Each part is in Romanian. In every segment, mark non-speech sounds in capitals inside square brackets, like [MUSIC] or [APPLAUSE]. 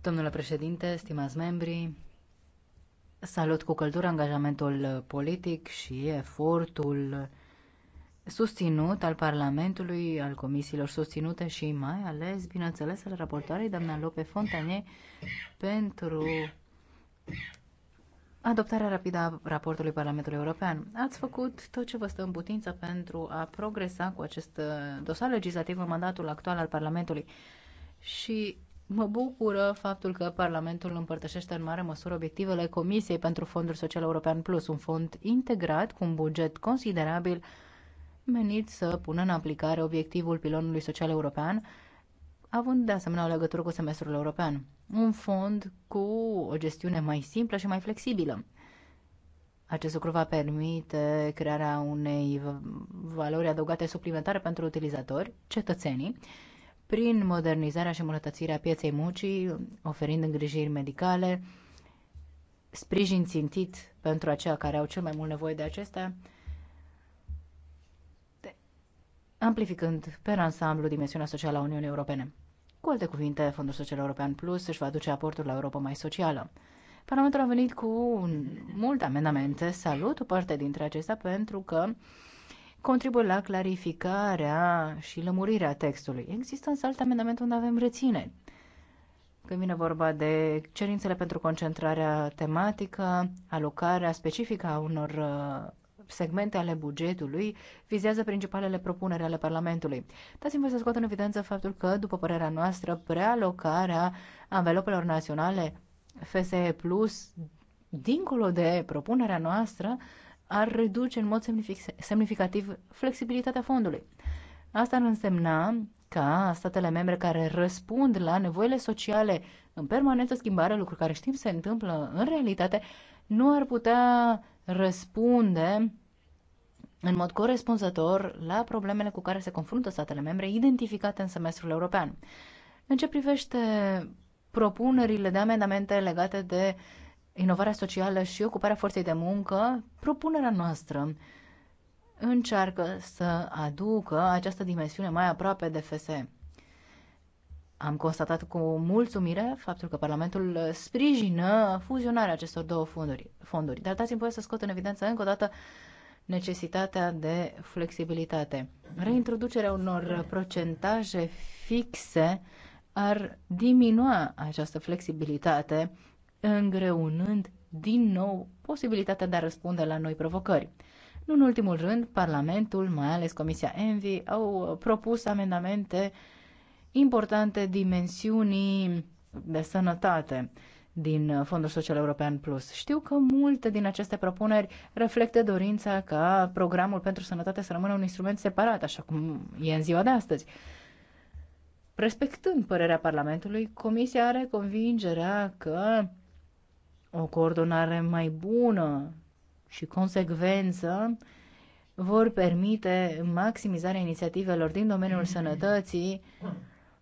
Domnule președinte, stimați membri, salut cu căldură angajamentul politic și efortul susținut al Parlamentului, al comisiilor susținute și mai ales, bineînțeles, al raportoarei doamna Lope Fontanie pentru adoptarea rapidă a raportului Parlamentului European. Ați făcut tot ce vă stă în putință pentru a progresa cu acest dosar legislativ în mandatul actual al Parlamentului. Și Mă bucură faptul că Parlamentul împărtășește în mare măsură obiectivele Comisiei pentru Fondul Social European Plus, un fond integrat cu un buget considerabil menit să pună în aplicare obiectivul pilonului social european, având de asemenea o legătură cu semestrul european. Un fond cu o gestiune mai simplă și mai flexibilă. Acest lucru va permite crearea unei valori adăugate suplimentare pentru utilizatori, cetățenii, prin modernizarea și îmbunătățirea pieței muncii, oferind îngrijiri medicale, sprijin țintit pentru aceia care au cel mai mult nevoie de acestea, amplificând pe ansamblu dimensiunea socială a Uniunii Europene. Cu alte cuvinte, Fondul Social European Plus își va aduce aportul la Europa mai socială. Parlamentul a venit cu multe amendamente, salut o parte dintre acestea pentru că contribuie la clarificarea și lămurirea textului. Există însă alte amendamente unde avem reține. Când vine vorba de cerințele pentru concentrarea tematică, alocarea specifică a unor uh, segmente ale bugetului vizează principalele propuneri ale Parlamentului. Dați-mi să scot în evidență faptul că, după părerea noastră, prealocarea anvelopelor naționale FSE Plus, dincolo de propunerea noastră, ar reduce în mod semnificativ flexibilitatea fondului. Asta ar însemna ca statele membre care răspund la nevoile sociale în permanentă schimbare, lucru care știm se întâmplă în realitate, nu ar putea răspunde în mod corespunzător la problemele cu care se confruntă statele membre identificate în semestrul european. În ce privește propunerile de amendamente legate de uh, inovarea socială și ocuparea forței de muncă, propunerea noastră încearcă să aducă această dimensiune mai aproape de FSE. Am constatat cu mulțumire faptul că Parlamentul sprijină fuzionarea acestor două fonduri, fonduri. dar dați-mi voie să scot în evidență încă o dată necesitatea de flexibilitate. Reintroducerea unor procentaje fixe ar diminua această flexibilitate îngreunând din nou posibilitatea de a răspunde la noi provocări. Nu în ultimul rând, Parlamentul, mai ales Comisia Envi, au propus amendamente importante dimensiunii de sănătate din Fondul Social European Plus. Știu că multe din aceste propuneri reflectă dorința ca programul pentru sănătate să rămână un instrument separat, așa cum e în ziua de astăzi. Respectând părerea Parlamentului, Comisia are convingerea că o coordonare mai bună și consecvență vor permite maximizarea inițiativelor din domeniul sănătății,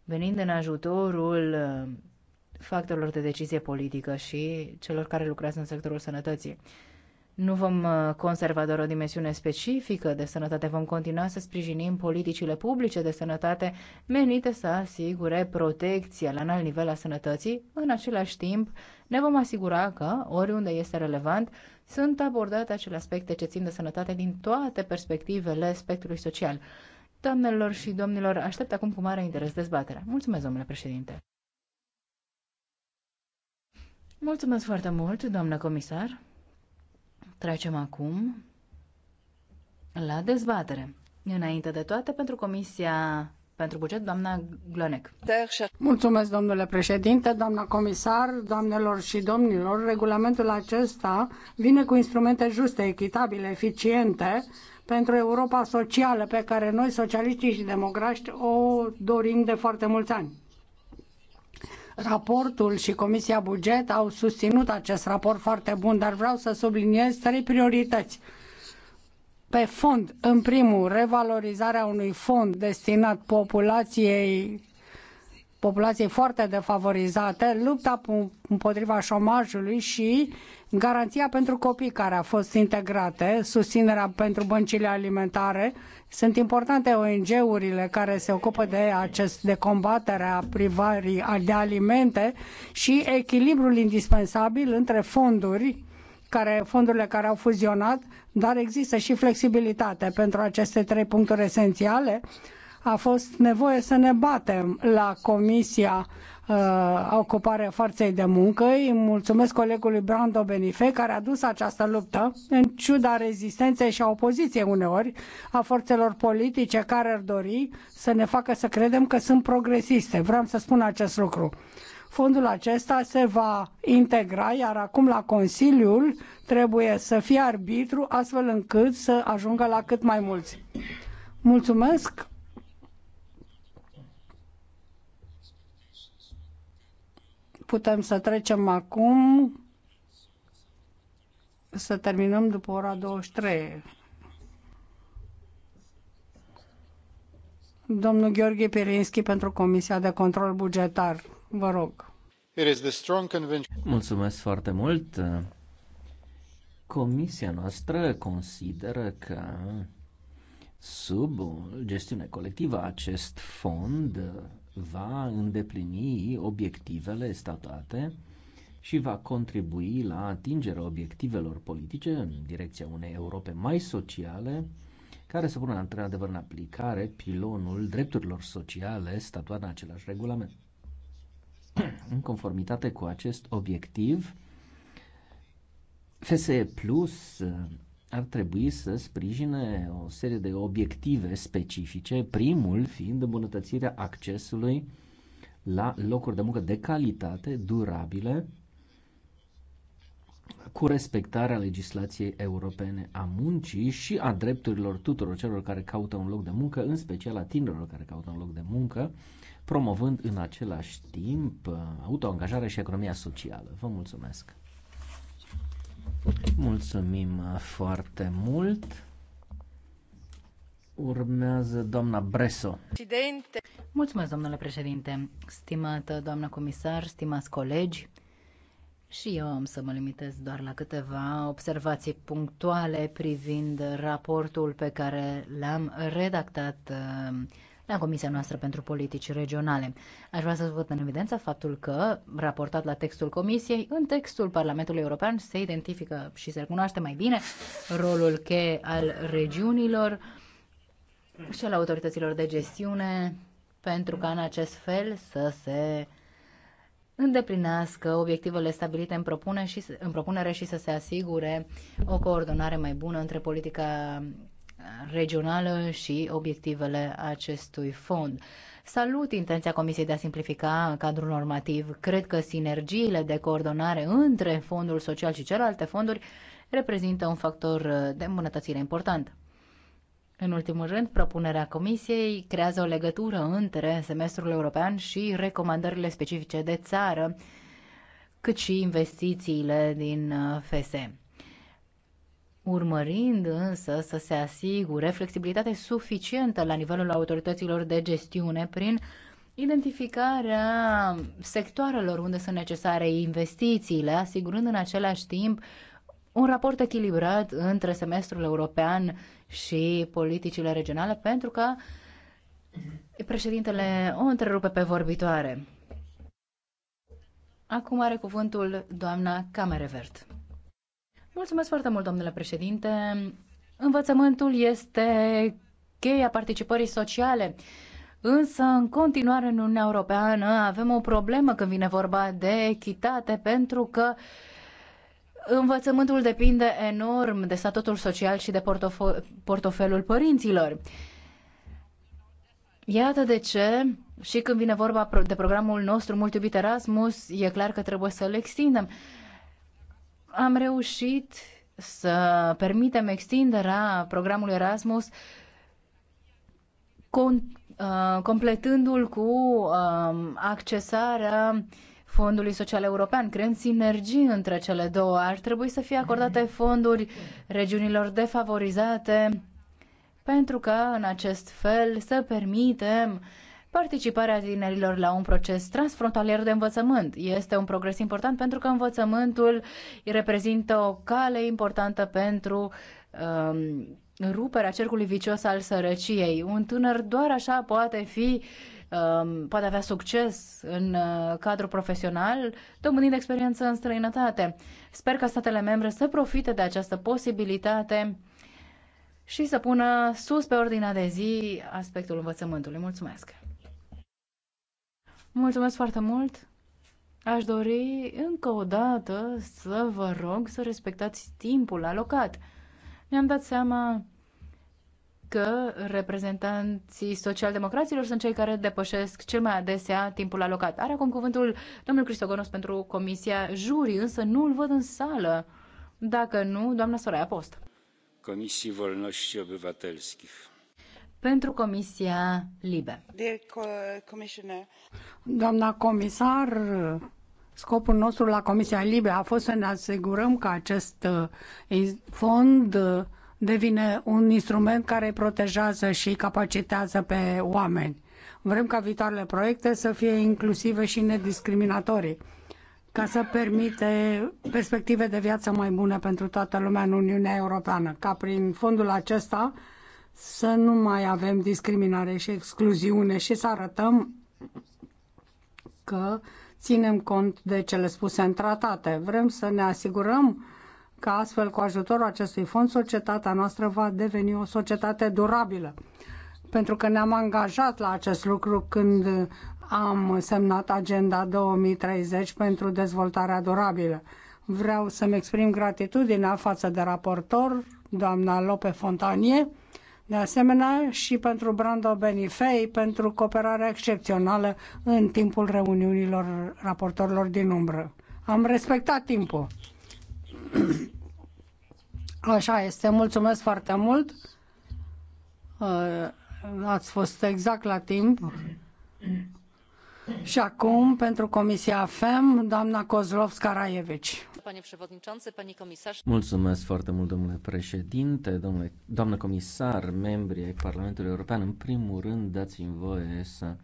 venind în ajutorul uh, factorilor de decizie politică și celor care lucrează în sectorul sănătății. Nu vom uh, conserva doar o dimensiune specifică de sănătate, vom continua să sprijinim politicile publice de sănătate menite să asigure protecția la înalt nivel a sănătății. În același timp, ne vom asigura că, oriunde este relevant, sunt abordate acele aspecte ce țin de sănătate din toate perspectivele spectrului social. Doamnelor și domnilor, aștept acum cu mare interes dezbaterea. Mulțumesc, domnule președinte! Mulțumesc foarte mult, doamnă comisar! Trecem acum la dezbatere. Înainte de toate, pentru Comisia pentru buget, doamna Glonec. Mulțumesc, domnule președinte, doamna comisar, doamnelor și domnilor. Regulamentul acesta vine cu instrumente juste, echitabile, eficiente pentru Europa socială pe care noi, socialiștii și democrați o dorim de foarte mulți ani. Raportul și Comisia Buget au susținut acest raport foarte bun, dar vreau să subliniez trei priorități. Pe fond, în primul, revalorizarea unui fond destinat populației populației foarte defavorizate, lupta împotriva șomajului și garanția pentru copii care a fost integrate, susținerea pentru băncile alimentare. Sunt importante ONG-urile care se ocupă de, acest, de combaterea privării de alimente și echilibrul indispensabil între fonduri care, fondurile care au fuzionat, dar există și flexibilitate pentru aceste trei puncturi esențiale a fost nevoie să ne batem la Comisia uh, Ocuparea Forței de Muncă. Îi mulțumesc colegului Brando Benife care a dus această luptă în ciuda rezistenței și a opoziției uneori a forțelor politice care ar dori să ne facă să credem că sunt progresiste. Vreau să spun acest lucru. Fondul acesta se va integra, iar acum la Consiliul trebuie să fie arbitru astfel încât să ajungă la cât mai mulți. Mulțumesc! Putem să trecem acum să terminăm după ora 23. Domnul Gheorghe Pirinski pentru Comisia de Control Bugetar. Vă rog. Mulțumesc foarte mult. Comisia noastră consideră că sub gestiune colectivă acest fond va îndeplini obiectivele statuate și va contribui la atingerea obiectivelor politice în direcția unei Europe mai sociale, care să pună într-adevăr în aplicare pilonul drepturilor sociale statuat în același regulament. [CLEARS THROAT] în conformitate cu acest obiectiv, FSE Plus ar trebui să sprijine o serie de obiective specifice, primul fiind îmbunătățirea accesului la locuri de muncă de calitate, durabile, cu respectarea legislației europene a muncii și a drepturilor tuturor celor care caută un loc de muncă, în special a tinerilor care caută un loc de muncă, promovând în același timp autoangajarea și economia socială. Vă mulțumesc! Mulțumim uh, foarte mult. Urmează doamna Breso. Președinte. Mulțumesc, domnule președinte, stimată doamnă comisar, stimați colegi. Și eu am să mă limitez doar la câteva observații punctuale privind raportul pe care l-am redactat uh, la Comisia noastră pentru politici regionale. Aș vrea să văd în evidență faptul că, raportat la textul Comisiei, în textul Parlamentului European se identifică și se recunoaște mai bine rolul cheie al regiunilor și al autorităților de gestiune pentru ca în acest fel să se îndeplinească obiectivele stabilite în, propune și, în propunere și să se asigure o coordonare mai bună între politica regională și obiectivele acestui fond. Salut intenția Comisiei de a simplifica cadrul normativ. Cred că sinergiile de coordonare între fondul social și celelalte fonduri reprezintă un factor de îmbunătățire important. În ultimul rând, propunerea Comisiei creează o legătură între semestrul european și recomandările specifice de țară, cât și investițiile din FSE urmărind însă să se asigure flexibilitate suficientă la nivelul autorităților de gestiune prin identificarea sectoarelor unde sunt necesare investițiile, asigurând în același timp un raport echilibrat între semestrul european și politicile regionale, pentru că președintele o întrerupe pe vorbitoare. Acum are cuvântul doamna Camerevert. Mulțumesc foarte mult, domnule președinte. Învățământul este cheia participării sociale. Însă, în continuare, în Uniunea Europeană avem o problemă când vine vorba de echitate, pentru că învățământul depinde enorm de statutul social și de portofelul părinților. Iată de ce și când vine vorba de programul nostru mult iubit Erasmus, e clar că trebuie să-l extindem am reușit să permitem extinderea programului Erasmus con- uh, completându-l cu uh, accesarea Fondului Social European, creând sinergii între cele două. Ar trebui să fie acordate fonduri regiunilor defavorizate pentru că în acest fel să permitem uh, Participarea tinerilor la un proces transfrontalier de învățământ este un progres important pentru că învățământul reprezintă o cale importantă pentru um, ruperea cercului vicios al sărăciei. Un tânăr doar așa poate fi um, poate avea succes în uh, cadrul profesional, dobândind experiență în străinătate. Sper ca statele membre să profite de această posibilitate și să pună sus pe ordinea de zi aspectul învățământului. Mulțumesc! Mulțumesc foarte mult! Aș dori încă o dată să vă rog să respectați timpul alocat. mi am dat seama că reprezentanții socialdemocraților sunt cei care depășesc cel mai adesea timpul alocat. Are acum cuvântul domnul Cristogonos pentru Comisia Juri, însă nu îl văd în sală. Dacă nu, doamna Soraya Post. Comisii Volnoști Obywatelskich pentru Comisia Libe. Doamna comisar, scopul nostru la Comisia Libe a fost să ne asigurăm că acest uh, fond uh, devine un instrument care protejează și capacitează pe oameni. Vrem ca viitoarele proiecte să fie inclusive și nediscriminatorii ca să permite perspective de viață mai bune pentru toată lumea în Uniunea Europeană, ca prin fondul acesta să nu mai avem discriminare și excluziune și să arătăm că ținem cont de cele spuse în tratate. Vrem să ne asigurăm că astfel, cu ajutorul acestui fond, societatea noastră va deveni o societate durabilă. Pentru că ne-am angajat la acest lucru când am semnat Agenda 2030 pentru dezvoltarea durabilă. Vreau să-mi exprim gratitudinea față de raportor, doamna Lope Fontanie, de asemenea și pentru Brando Benifei, pentru cooperarea excepțională în timpul reuniunilor raportorilor din umbră. Am respectat timpul. Așa este, mulțumesc foarte mult. Uh, ați fost exact la timp. Și acum, pentru Comisia FEM, doamna Kozlovska Raievici. Mulțumesc foarte mult, domnule președinte, domnule, doamnă comisar, membri ai Parlamentului European. În primul rând, dați-mi voie să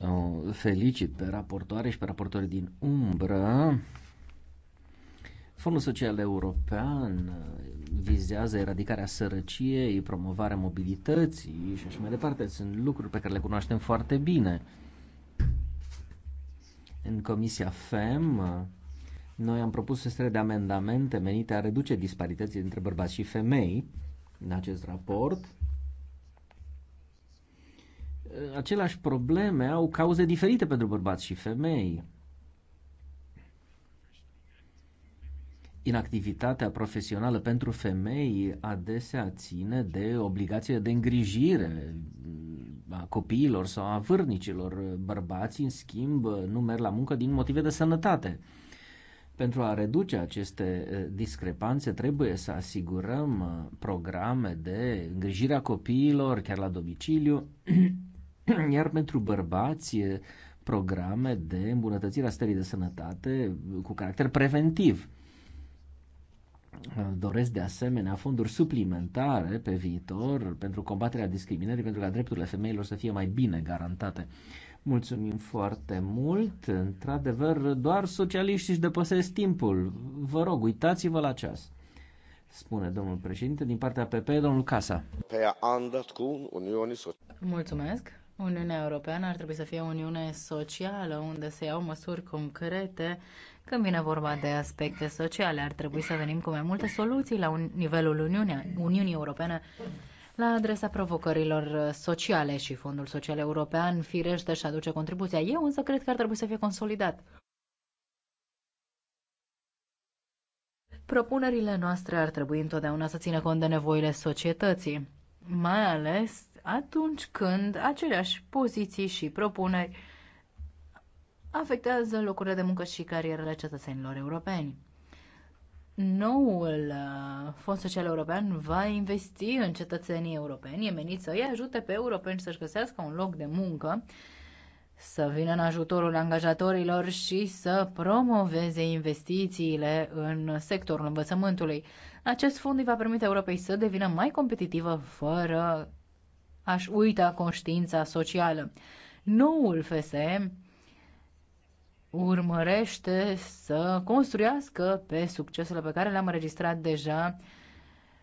o felicit pe raportoare și pe raportori din umbră. Fondul Social European vizează eradicarea sărăciei, promovarea mobilității și așa mai departe. Sunt lucruri pe care le cunoaștem foarte bine. În Comisia FEM, noi am propus o serie de amendamente menite a reduce disparitățile între bărbați și femei în acest raport. Aceleași probleme au cauze diferite pentru bărbați și femei. Inactivitatea profesională pentru femei adesea ține de obligația de îngrijire a copiilor sau a vârnicilor. Bărbații, în schimb, nu merg la muncă din motive de sănătate. Pentru a reduce aceste eh, discrepanțe, trebuie să asigurăm eh, programe de îngrijire a copiilor, chiar la domiciliu, [CLEARS THROAT] iar pentru bărbați, eh, programe de îmbunătățire a stării de sănătate cu caracter preventiv doresc de asemenea fonduri suplimentare pe viitor pentru combaterea discriminării, pentru ca drepturile femeilor să fie mai bine garantate. Mulțumim foarte mult. Într-adevăr, doar socialiștii își depăsesc timpul. Vă rog, uitați-vă la ceas. Spune domnul președinte, din partea PP, domnul Casa. Mulțumesc. Uniunea Europeană ar trebui să fie o uniune socială unde se iau măsuri concrete când vine vorba de aspecte sociale, ar trebui să venim cu mai multe soluții la un, nivelul Uniunii, Uniunii Europene la adresa provocărilor sociale și Fondul Social European firește și aduce contribuția. Eu însă cred că ar trebui să fie consolidat. Propunerile noastre ar trebui întotdeauna să țină cont de nevoile societății, mai ales atunci când aceleași poziții și propuneri afectează locurile de muncă și carierele cetățenilor europeni. Noul uh, Fond Social European va investi în cetățenii europeni, e menit să îi ajute pe europeni să-și găsească un loc de muncă, să vină în ajutorul angajatorilor și să promoveze investițiile în sectorul învățământului. Acest fond îi va permite Europei să devină mai competitivă fără a-și uita conștiința socială. Noul FSM urmărește să construiască pe succesele pe care le-am înregistrat deja,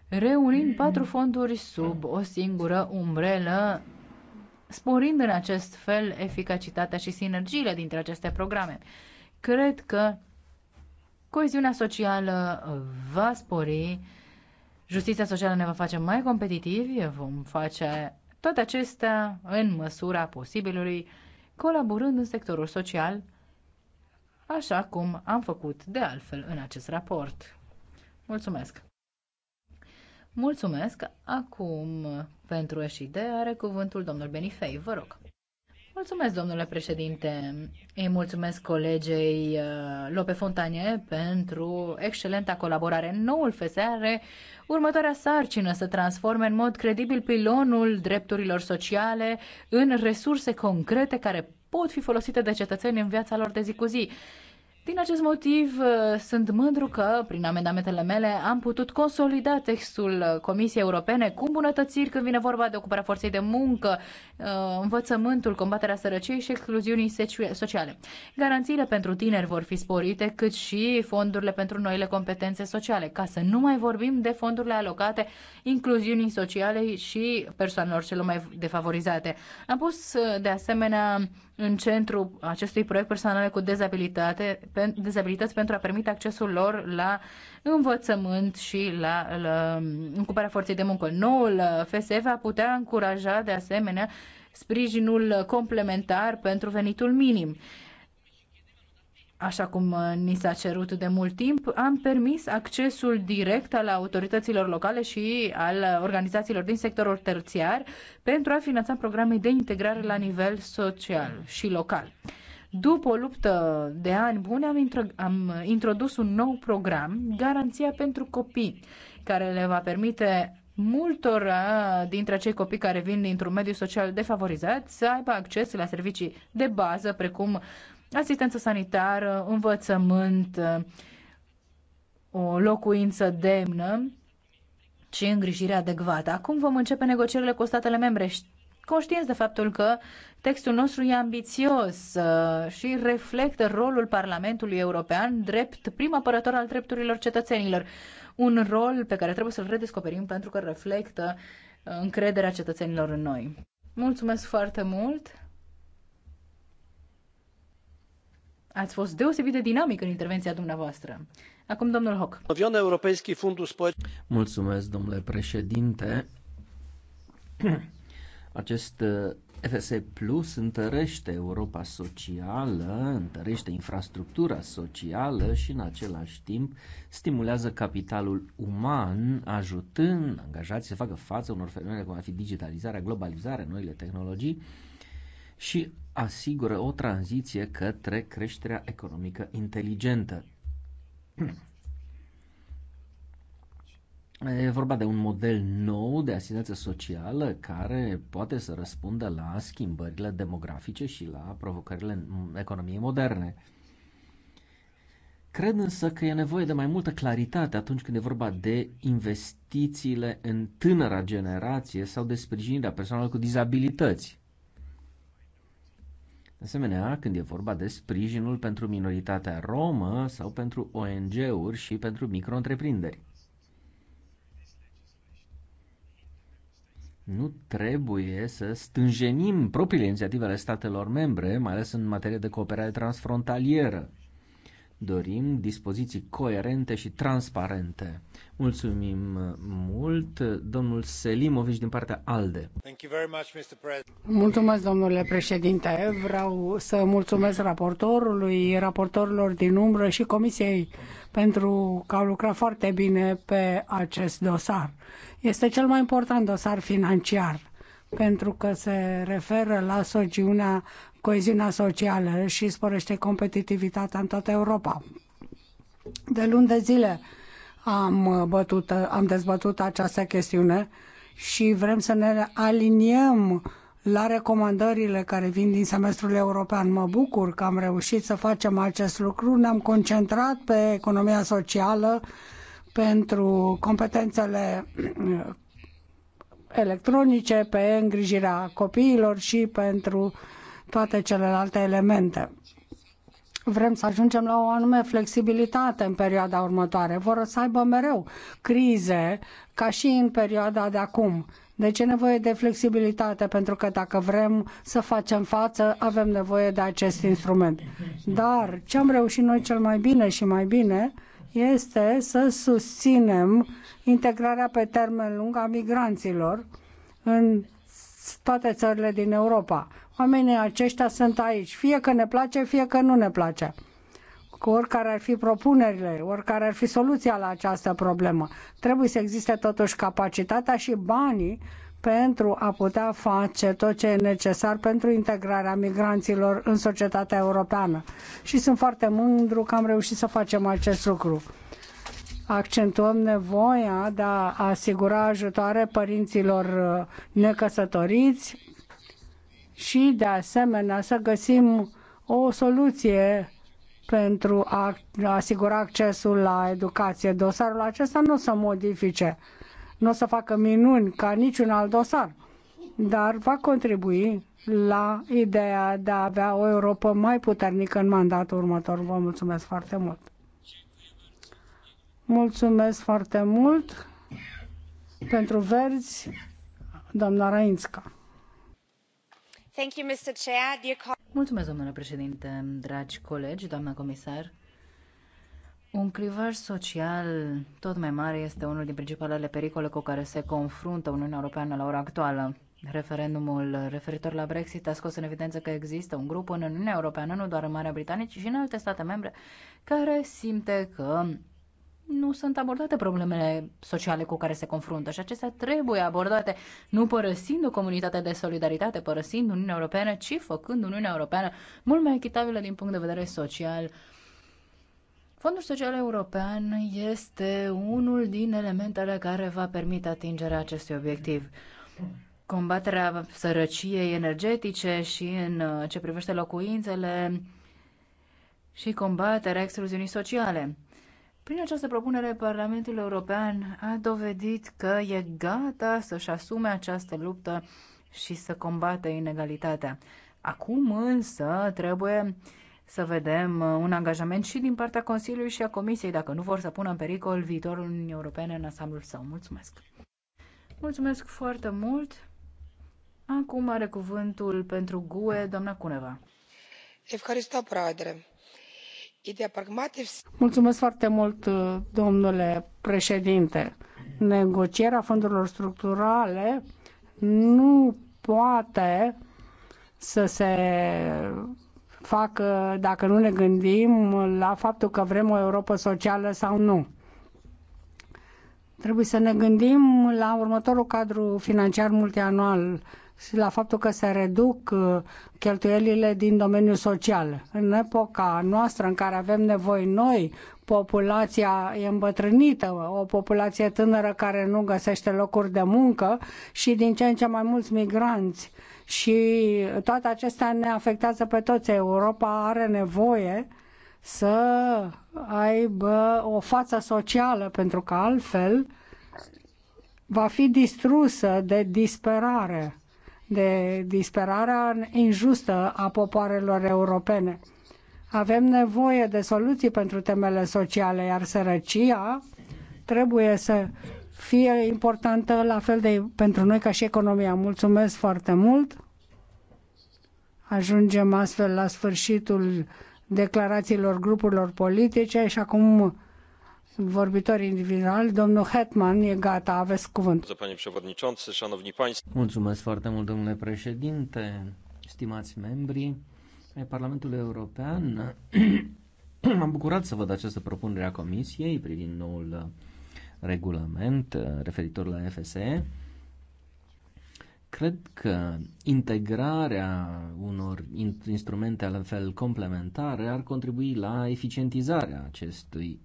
reunind patru fonduri sub o singură umbrelă, sporind în acest fel eficacitatea și sinergiile dintre aceste programe. Cred că coeziunea socială va spori, justiția socială ne va face mai competitivi, vom face toate acestea în măsura posibilului, colaborând în sectorul social, așa cum am făcut de altfel în acest raport. Mulțumesc! Mulțumesc! Acum, pentru de are cuvântul domnul Benifei, vă rog. Mulțumesc, domnule președinte. Îi mulțumesc colegei uh, Lope Fontanie pentru excelenta colaborare. Noul FSA are următoarea sarcină să transforme în mod credibil pilonul drepturilor sociale în resurse concrete care pot fi folosite de cetățeni în viața lor de zi cu zi. Din acest motiv, uh, sunt mândru că, prin amendamentele mele, am putut consolida textul Comisiei Europene cu îmbunătățiri când vine vorba de ocuparea forței de muncă, uh, învățământul, combaterea sărăciei și excluziunii sociale. Garanțiile pentru tineri vor fi sporite, cât și fondurile pentru noile competențe sociale, ca să nu mai vorbim de fondurile alocate incluziunii sociale și persoanelor celor mai defavorizate. Am pus, uh, de asemenea, în centru acestui proiect persoanele cu dezabilitate dezabilități pentru a permite accesul lor la învățământ și la, la încuparea forței de muncă. Noul FSE va putea încuraja de asemenea sprijinul complementar pentru venitul minim așa cum ni s-a cerut de mult timp, am permis accesul direct al autorităților locale și al organizațiilor din sectorul terțiar pentru a finanța programe de integrare la nivel social și local. După o luptă de ani bune, am, intro- am introdus un nou program, Garanția pentru Copii, care le va permite multor dintre cei copii care vin dintr-un mediu social defavorizat să aibă acces la servicii de bază, precum asistență sanitară, învățământ, o locuință demnă și îngrijire adecvată. Acum vom începe negocierile cu statele membre conștienți de faptul că textul nostru e ambițios uh, și reflectă rolul Parlamentului European drept prim apărător al drepturilor cetățenilor. Un rol pe care trebuie să-l redescoperim pentru că reflectă uh, încrederea cetățenilor în noi. Mulțumesc foarte mult! Ați fost deosebit de dinamic în intervenția dumneavoastră. Acum, domnul Hoc. Mulțumesc, domnule președinte. [CLEARS THROAT] Acest uh, FS Plus întărește Europa socială, întărește infrastructura socială și în același timp stimulează capitalul uman, ajutând angajații să facă față unor fenomene cum ar fi digitalizarea, globalizarea, noile tehnologii și asigură o tranziție către creșterea economică inteligentă. [CLEARS THROAT] E vorba de un model nou de asistență socială care poate să răspundă la schimbările demografice și la provocările economiei moderne. Cred însă că e nevoie de mai multă claritate atunci când e vorba de investițiile în tânăra generație sau de sprijinirea persoanelor cu dizabilități. De asemenea, când e vorba de sprijinul pentru minoritatea romă sau pentru ONG-uri și pentru micro-întreprinderi. nu trebuie să stânjenim propriile inițiative ale statelor membre, mai ales în materie de cooperare transfrontalieră. Dorim dispoziții coerente și transparente. Mulțumim mult, domnul Selimovic din partea ALDE. Mulțumesc, domnule președinte. Vreau să mulțumesc raportorului, raportorilor din umbră și comisiei pentru că au lucrat foarte bine pe acest dosar. Este cel mai important dosar financiar pentru că se referă la sociunea coeziunea socială și sporește competitivitatea în toată Europa. De luni de zile am, uh, bătut, uh, am dezbătut această chestiune și vrem să ne aliniem la recomandările care vin din semestrul european. Mă bucur că am reușit să facem acest lucru. Ne-am concentrat pe economia socială pentru competențele uh, electronice, pe îngrijirea copiilor și pentru uh, toate celelalte elemente. Vrem să ajungem la o anume flexibilitate în perioada următoare. Vor să aibă mereu crize, ca și în perioada de acum. Deci e nevoie de flexibilitate, pentru că dacă vrem să facem față, avem nevoie de acest instrument. Dar ce am reușit noi cel mai bine și mai bine este să susținem integrarea pe termen lung a migranților în toate țările din Europa. Oamenii aceștia sunt aici, fie că ne place, fie că nu ne place cu oricare ar fi propunerile, oricare ar fi soluția la această problemă. Trebuie să existe totuși capacitatea și banii pentru a putea face tot ce e necesar pentru integrarea migranților în societatea europeană. Și sunt foarte mândru că am reușit să facem acest lucru. Accentuăm nevoia de a asigura ajutoare părinților uh, necăsătoriți, și, de asemenea, să găsim o soluție pentru a asigura accesul la educație. Dosarul acesta nu o să modifice, nu o să facă minuni ca niciun alt dosar, dar va contribui la ideea de a avea o Europa mai puternică în mandatul următor. Vă mulțumesc foarte mult! Mulțumesc foarte mult pentru verzi, doamna Rainska. Mulțumesc, domnule președinte, dragi colegi, doamnă comisar. Un clivaj social tot mai mare este unul din principalele pericole cu care se confruntă Uniunea Europeană la ora actuală. Referendumul referitor la Brexit a scos în evidență că există un grup în Uniunea Europeană, nu doar în Marea Britanie, ci și în alte state membre, care simte că nu sunt abordate problemele sociale cu care se confruntă și acestea trebuie abordate nu părăsind o comunitate de solidaritate, părăsind Uniunea Europeană, ci făcând Uniunea Europeană mult mai echitabilă din punct de vedere social. Fondul Social European este unul din elementele care va permite atingerea acestui obiectiv. Combaterea sărăciei energetice și în uh, ce privește locuințele și combaterea excluziunii sociale. Prin această propunere, Parlamentul European a dovedit că e gata să-și asume această luptă și să combată inegalitatea. Acum însă trebuie să vedem un angajament și din partea Consiliului și a Comisiei, dacă nu vor să pună în pericol viitorul Uniunii Europene în ansamblul său. Mulțumesc! Mulțumesc foarte mult! Acum are cuvântul pentru GUE doamna Cuneva. Evharista Pradre. Mulțumesc foarte mult, domnule președinte. Negocierea fondurilor structurale nu poate să se facă dacă nu ne gândim la faptul că vrem o Europa socială sau nu. Trebuie să ne gândim la următorul cadru financiar multianual și la faptul că se reduc uh, cheltuielile din domeniul social. În epoca noastră în care avem nevoi noi, populația e îmbătrânită, o populație tânără care nu găsește locuri de muncă și din ce în ce mai mulți migranți. Și toate acestea ne afectează pe toți. Europa are nevoie să aibă o față socială, pentru că altfel va fi distrusă de disperare de disperarea injustă a popoarelor europene. Avem nevoie de soluții pentru temele sociale, iar sărăcia trebuie să fie importantă la fel de pentru noi ca și economia. Mulțumesc foarte mult! Ajungem astfel la sfârșitul declarațiilor grupurilor politice și acum vorbitori individuali. Domnul Hetman e gata, aveți cuvânt. Mulțumesc foarte mult, domnule președinte, stimați membri ai Parlamentului European. [CLEARS THROAT] M-am bucurat să văd această propunere a Comisiei privind noul regulament uh, referitor la FSE. Cred că integrarea unor instrumente la fel complementare ar contribui la eficientizarea acestui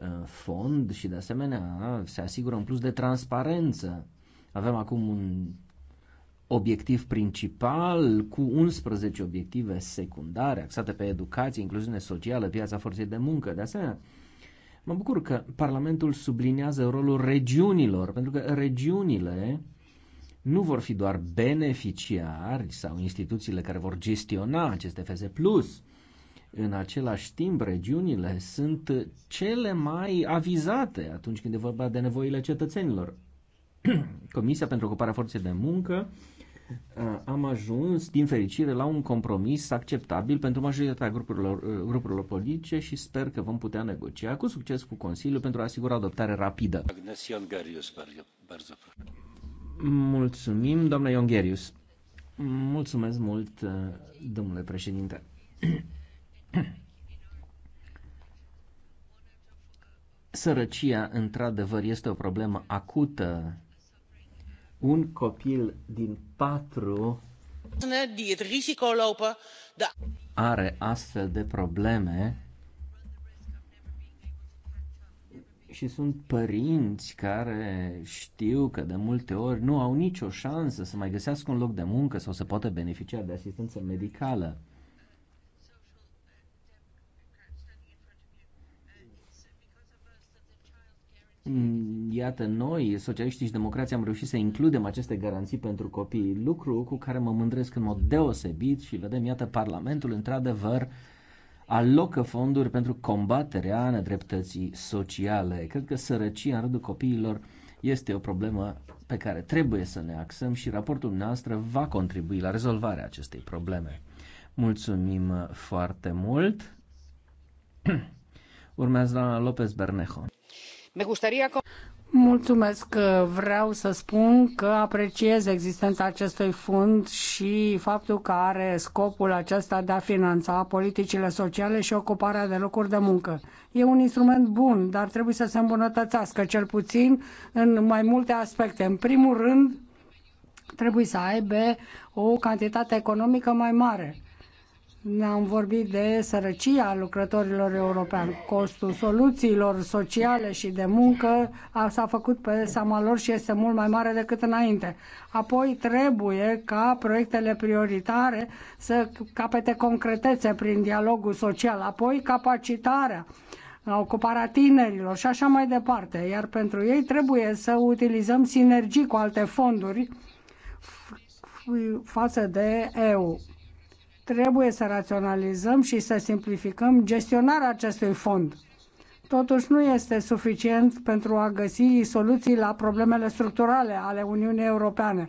Uh, fond și de asemenea se asigură un plus de transparență. Avem acum un obiectiv principal cu 11 obiective secundare axate pe educație, incluziune socială, piața forței de muncă. De asemenea, mă bucur că Parlamentul subliniază rolul regiunilor, pentru că regiunile nu vor fi doar beneficiari sau instituțiile care vor gestiona aceste FZ+, în același timp, regiunile sunt cele mai avizate atunci când e vorba de nevoile cetățenilor. [CLEARS THROAT] Comisia pentru ocuparea forței de muncă am ajuns, din fericire, la un compromis acceptabil pentru majoritatea grupurilor, uh, grupurilor politice și sper că vom putea negocia cu succes cu Consiliul pentru a asigura adoptare rapidă. Mulțumim, doamna Iongerius. Mulțumesc mult, uh, domnule președinte. [CLEARS THROAT] [CLEARS THROAT] Sărăcia, într-adevăr, este o problemă acută. Un copil din patru are astfel de probleme și sunt părinți care știu că de multe ori nu au nicio șansă să mai găsească un loc de muncă sau să poată beneficia de asistență medicală. Mm, iată, noi, socialiștii și democrații, am reușit să includem aceste garanții pentru copii, lucru cu care mă mândresc în mod deosebit și vedem, iată, Parlamentul, într-adevăr, alocă fonduri pentru combaterea nedreptății sociale. Cred că sărăcia în rândul copiilor este o problemă pe care trebuie să ne axăm și raportul noastră va contribui la rezolvarea acestei probleme. Mulțumim foarte mult! [CLEARS THROAT] Urmează doamna Lopez Bernejo. Mulțumesc. Vreau să spun că apreciez existența acestui fond și faptul că are scopul acesta de a finanța politicile sociale și ocuparea de locuri de muncă. E un instrument bun, dar trebuie să se îmbunătățească, cel puțin în mai multe aspecte. În primul rând, trebuie să aibă o cantitate economică mai mare ne-am vorbit de sărăcia lucrătorilor europeni. Costul soluțiilor sociale și de muncă s-a făcut pe seama lor și este mult mai mare decât înainte. Apoi trebuie ca proiectele prioritare să capete concretețe prin dialogul social. Apoi capacitarea ocuparea tinerilor și așa mai departe. Iar pentru ei trebuie să utilizăm sinergii cu alte fonduri față de EU. Trebuie să raționalizăm și să simplificăm gestionarea acestui fond. Totuși nu este suficient pentru a găsi soluții la problemele structurale ale Uniunii Europene.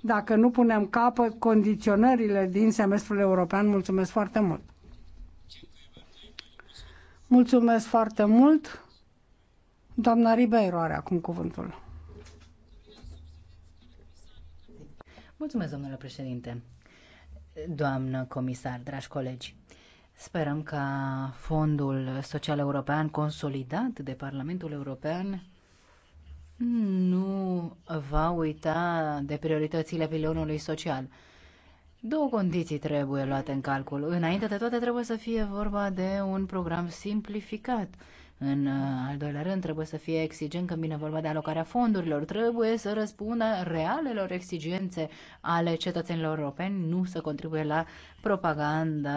Dacă nu punem capăt condiționările din semestrul european, mulțumesc foarte mult. Mulțumesc foarte mult. Doamna Ribeiro are acum cuvântul. Mulțumesc, domnule președinte doamnă comisar, dragi colegi. Sperăm ca Fondul Social European consolidat de Parlamentul European nu va uita de prioritățile pilonului social. Două condiții trebuie luate în calcul. Înainte de toate trebuie să fie vorba de un program simplificat în uh, al doilea rând, trebuie să fie exigent când vine vorba de alocarea fondurilor. Trebuie să răspundă realelor exigențe ale cetățenilor europeni, nu să contribuie la propaganda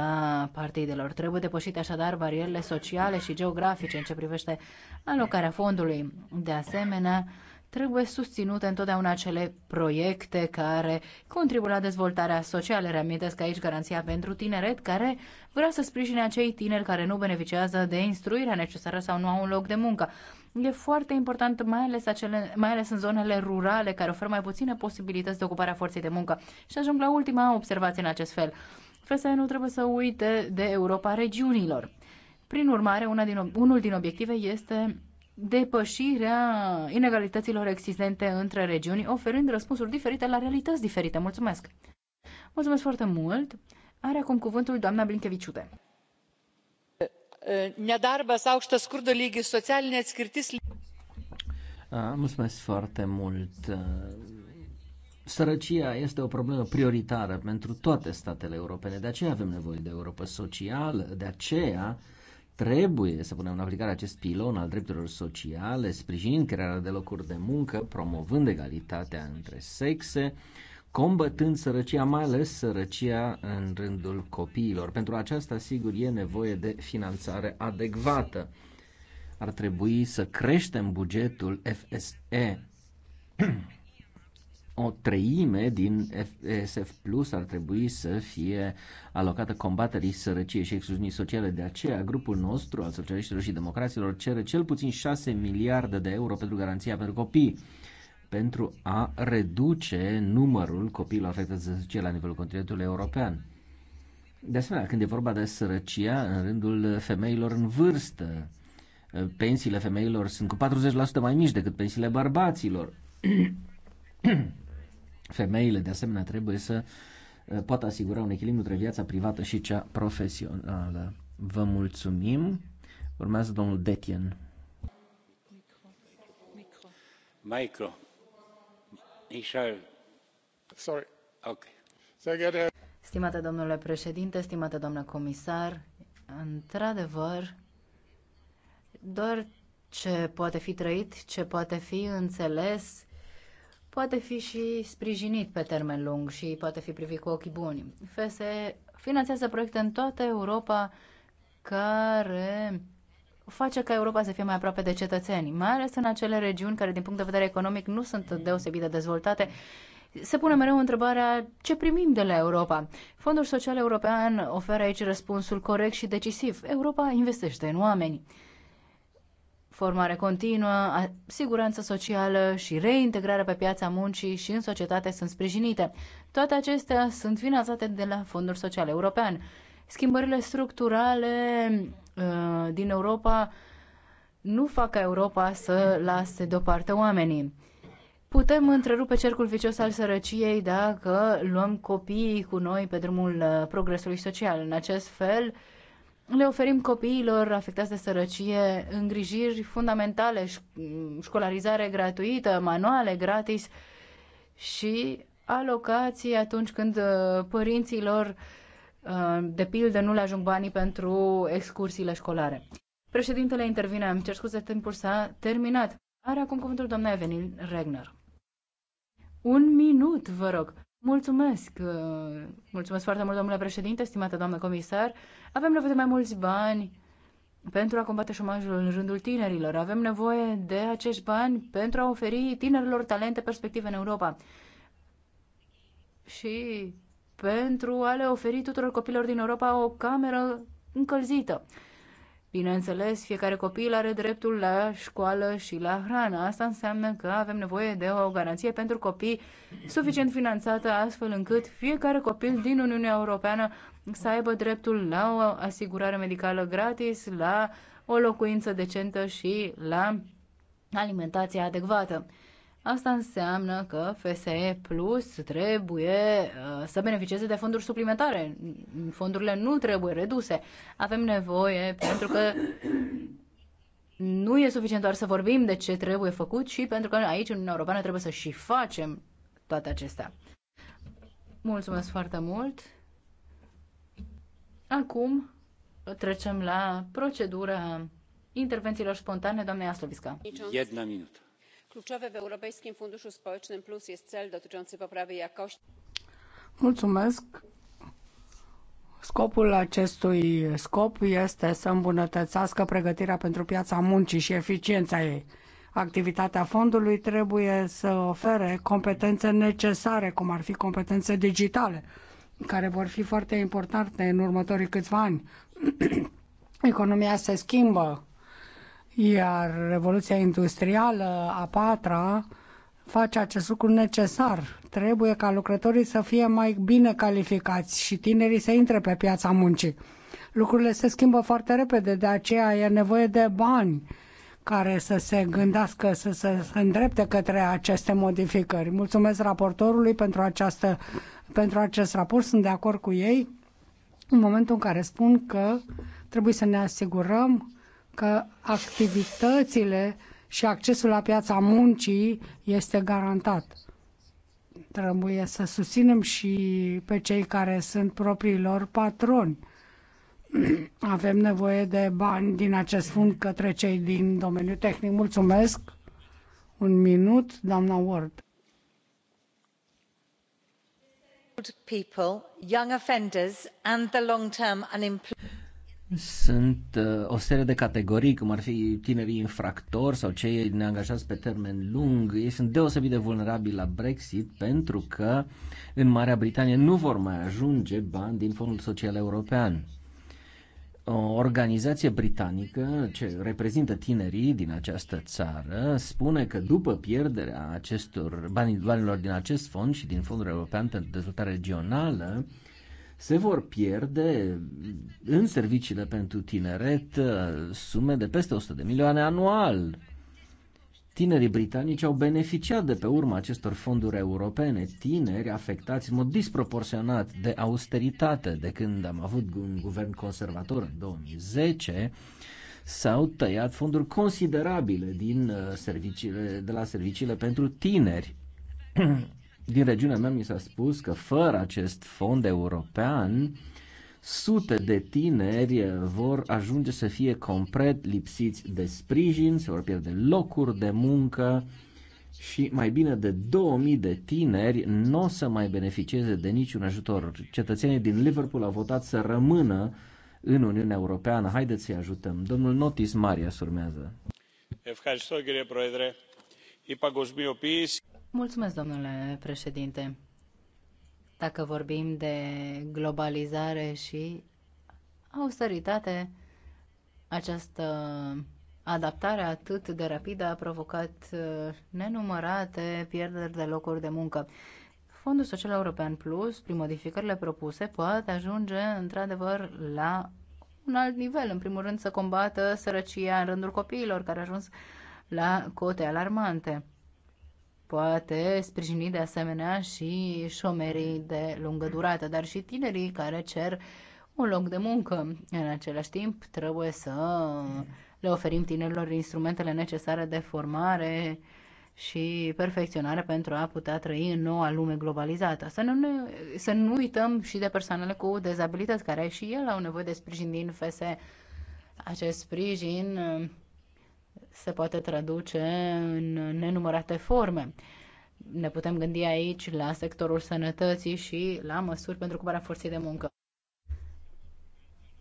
partidelor. Trebuie depășite așadar barierele sociale și geografice în ce privește alocarea fondului. De asemenea, trebuie susținute întotdeauna acele proiecte care contribuie la dezvoltarea socială. Reamintesc aici garanția pentru tineret, care vrea să sprijine acei tineri care nu beneficiază de instruirea necesară sau nu au un loc de muncă. E foarte important, mai ales, acele, mai ales în zonele rurale, care oferă mai puține posibilități de ocupare a forței de muncă. Și ajung la ultima observație în acest fel. FSE nu trebuie să uite de Europa regiunilor. Prin urmare, una din, unul din obiective este depășirea inegalităților existente între regiuni, oferind răspunsuri diferite la realități diferite. Mulțumesc! Mulțumesc foarte mult! Are acum cuvântul doamna Blinkevičiūtė. Nedarbas, aukštas skurdo lygis, socialinė atskirtis. Mulțumesc foarte mult! Sărăcia este o problemă prioritară pentru toate statele europene, de aceea avem nevoie de Europa socială, de aceea Trebuie să punem în aplicare acest pilon al drepturilor sociale, sprijinind crearea de locuri de muncă, promovând egalitatea între sexe, combătând sărăcia, mai ales sărăcia în rândul copiilor. Pentru aceasta, sigur, e nevoie de finanțare adecvată. Ar trebui să creștem bugetul FSE [CLEARS THROAT] o treime din SF Plus ar trebui să fie alocată combaterii sărăciei și excluziunii sociale. De aceea, grupul nostru al socialiștilor și democraților cere cel puțin 6 miliarde de euro pentru garanția pentru copii pentru a reduce numărul copiilor afectați de sărăcie la nivelul continentului european. De asemenea, când e vorba de sărăcia în rândul femeilor în vârstă, pensiile femeilor sunt cu 40% mai mici decât pensiile bărbaților. [CLEARS THROAT] Femeile, de asemenea, trebuie să uh, poată asigura un echilibru între viața privată și cea profesională. Vă mulțumim. Urmează domnul Detien. Micro. Michel. Sorry. Ok. Stimate domnule președinte, stimate doamnă comisar, într-adevăr, doar ce poate fi trăit, ce poate fi înțeles, poate fi și sprijinit pe termen lung și poate fi privit cu ochii buni. FSE finanțează proiecte în toată Europa care face ca Europa să fie mai aproape de cetățeni, mai ales în acele regiuni care, din punct de vedere economic, nu sunt deosebit de dezvoltate. Se pune mereu întrebarea ce primim de la Europa. Fondul Social European oferă aici răspunsul corect și decisiv. Europa investește în oameni formare continuă, siguranță socială și reintegrarea pe piața muncii și în societate sunt sprijinite. Toate acestea sunt finanțate de la Fondul Social European. Schimbările structurale uh, din Europa nu fac ca Europa să lase deoparte oamenii. Putem întrerupe cercul vicios al sărăciei dacă luăm copiii cu noi pe drumul uh, progresului social. În acest fel, uh, le oferim copiilor afectați de sărăcie îngrijiri fundamentale, școlarizare gratuită, manuale gratis și alocații atunci când uh, părinților, uh, de pildă, nu le ajung banii pentru excursiile școlare. Președintele intervine, îmi cer scuze, timpul s-a terminat. Are acum cuvântul doamna Evelyn Regner. Un minut, vă rog. Mulțumesc! Uh, mulțumesc foarte mult, domnule președinte, stimată doamnă comisar. Avem nevoie de mai mulți bani pentru a combate șomajul în rândul tinerilor. Avem nevoie de acești bani pentru a oferi tinerilor talente, perspective în Europa. Și pentru a le oferi tuturor copilor din Europa o cameră încălzită. Bineînțeles, fiecare copil are dreptul la școală și la hrană. Asta înseamnă că avem nevoie de o garanție pentru copii suficient finanțată, astfel încât fiecare copil din Uniunea Europeană să aibă dreptul la o asigurare medicală gratis, la o locuință decentă și la alimentație adecvată. Asta înseamnă că FSE Plus trebuie uh, să beneficieze de fonduri suplimentare. Fondurile nu trebuie reduse. Avem nevoie pentru că nu e suficient doar să vorbim de ce trebuie făcut și pentru că aici în Uniunea Europeană trebuie să și facem toate acestea. Mulțumesc foarte mult. Acum trecem la procedura intervențiilor spontane, doamne Asloviska. Jedna minută kluczowy w europejskim funduszu społecznym plus jest cel dotyczący poprawy jakości. Mulțumesc. Scopul acestui scop este să îmbunătățească pregătirea pentru piața muncii și eficiența ei. Activitatea fondului trebuie să ofere competențe necesare, cum ar fi competențe digitale, care vor fi foarte importante în următorii câțiva ani. [CLEARS THROAT] Economia se schimbă, iar Revoluția Industrială a patra face acest lucru necesar. Trebuie ca lucrătorii să fie mai bine calificați și tinerii să intre pe piața muncii. Lucrurile se schimbă foarte repede, de aceea e nevoie de bani care să se gândească, să se îndrepte către aceste modificări. Mulțumesc raportorului pentru, această, pentru acest raport, sunt de acord cu ei, în momentul în care spun că trebuie să ne asigurăm că activitățile și accesul la piața muncii este garantat. Trebuie să susținem și pe cei care sunt propriilor patroni. [CLEARS THROAT] Avem nevoie de bani din acest fund către cei din domeniul tehnic. Mulțumesc. Un minut, doamna Ward. People, young offenders and the long-term unemployed sunt uh, o serie de categorii, cum ar fi tinerii infractori sau cei neangajați pe termen lung. Ei sunt deosebit de vulnerabili la Brexit pentru că în Marea Britanie nu vor mai ajunge bani din Fondul Social European. O organizație britanică ce reprezintă tinerii din această țară spune că după pierderea acestor banilor din acest fond și din Fondul European pentru Dezvoltare Regională, uh, se vor pierde în serviciile pentru tineret uh, sume de peste 100 de milioane anual. Tinerii britanici au beneficiat de pe urma acestor fonduri europene, tineri afectați în mod disproporționat de austeritate. De când am avut un guvern conservator în 2010, s-au tăiat fonduri considerabile din uh, serviciile, de la serviciile pentru tineri. [CLEARS THROAT] Din regiunea mea mi s-a spus că fără acest fond european, sute de tineri vor ajunge să fie complet lipsiți de sprijin, se vor pierde locuri de muncă și mai bine de 2000 de tineri nu o să mai beneficieze de niciun ajutor. Cetățenii din Liverpool au votat să rămână în Uniunea Europeană. Haideți să-i ajutăm. Domnul Notis Marias urmează. Ευχαριστώ κύριε Πρόεδρε. Η παγκοσμιοποίηση Mulțumesc, domnule președinte. Dacă vorbim de globalizare și austeritate, această adaptare atât de rapidă a provocat uh, nenumărate pierderi de locuri de muncă. Fondul Social European Plus, prin modificările propuse, poate ajunge într-adevăr la un alt nivel. În primul rând să combată sărăcia în rândul copiilor, care a ajuns la cote alarmante poate sprijini de asemenea și șomerii de lungă durată, dar și tinerii care cer un loc de muncă. În același timp, trebuie să le oferim tinerilor instrumentele necesare de formare și perfecționare pentru a putea trăi în noua lume globalizată. Să nu, ne, să nu uităm și de persoanele cu dezabilități, care și ele au nevoie de sprijin din FSE. Acest sprijin se poate traduce în nenumărate forme. Ne putem gândi aici la sectorul sănătății și la măsuri pentru cumpărarea forței de muncă.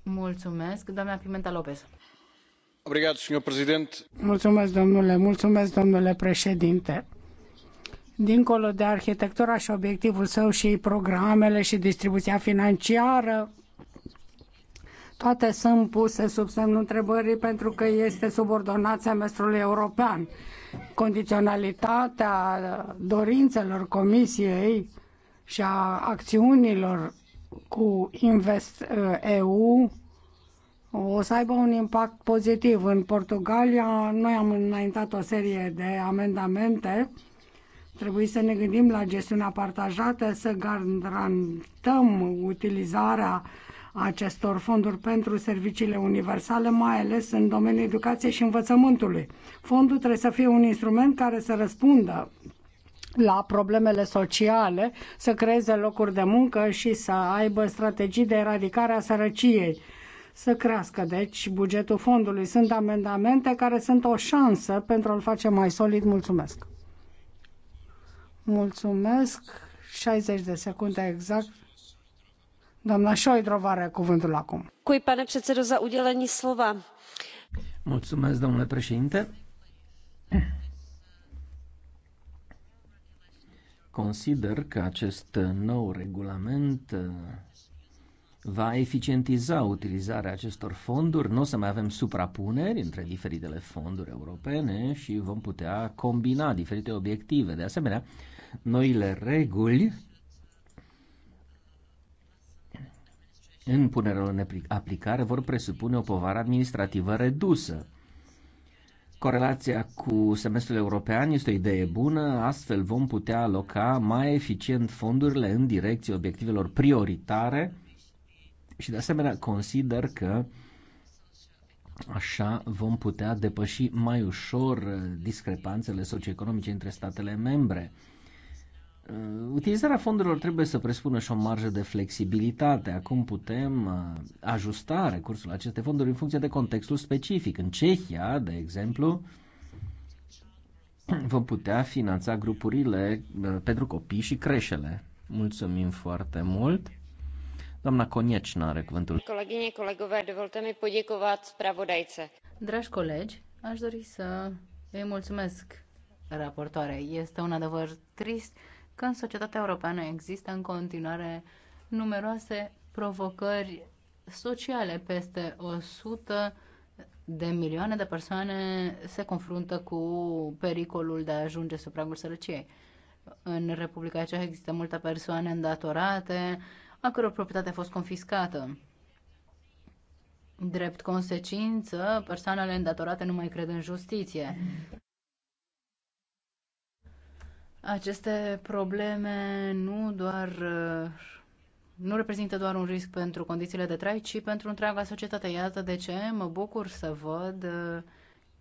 Mulțumesc, doamna Pimenta Lopez. Mulțumesc, domnule, mulțumesc, domnule președinte dincolo de arhitectura și obiectivul său și programele și distribuția financiară toate sunt puse sub semnul întrebării pentru că este subordonat semestrului european. Condiționalitatea dorințelor Comisiei și a acțiunilor cu Invest uh, EU o să aibă un impact pozitiv. În Portugalia noi am înaintat o serie de amendamente. Trebuie să ne gândim la gestiunea partajată, să garantăm utilizarea uh, acestor fonduri pentru serviciile universale, mai ales în domeniul educației și învățământului. Fondul trebuie să fie un instrument care să răspundă la problemele sociale, să creeze locuri de muncă și să aibă strategii de eradicare a sărăciei să crească. Deci, bugetul fondului sunt amendamente care sunt o șansă pentru a-l face mai solid. Mulțumesc! Mulțumesc! 60 de secunde exact. Doamna Șoidrova are cuvântul acum. pane Mulțumesc, domnule președinte. Consider că acest nou regulament uh, va eficientiza utilizarea acestor fonduri, nu o să mai avem suprapuneri între diferitele fonduri europene și vom putea combina diferite obiective. De asemenea, noile reguli în punerea în aplicare vor presupune o povară administrativă redusă. Corelația cu semestrul european este o idee bună, astfel vom putea aloca mai eficient fondurile în direcție obiectivelor prioritare și de asemenea consider că așa vom putea depăși mai ușor discrepanțele socioeconomice între statele membre. Uh, utilizarea fondurilor trebuie să presupună și o marjă de flexibilitate. Acum putem uh, ajusta recursul acestei fonduri în funcție de contextul specific. În Cehia, de exemplu, [CLEARS THROAT] vom putea finanța grupurile uh, pentru copii și creșele. Mulțumim foarte mult! Doamna Coniecina are cuvântul. Colegine, colegove, dovolte mi podiecovat spravodajce. Dragi colegi, aș dori să îi mulțumesc raportoare. Este un adevăr trist că în societatea europeană există în continuare numeroase provocări sociale. Peste 100 de milioane de persoane se confruntă cu pericolul de a ajunge sub pragul sărăciei. În Republica Ceahă există multe persoane îndatorate, a căror proprietate a fost confiscată. Drept consecință, persoanele îndatorate nu mai cred în justiție. Aceste probleme nu doar uh, nu reprezintă doar un risc pentru condițiile de trai, ci pentru întreaga societate. Iată de ce mă bucur să văd uh,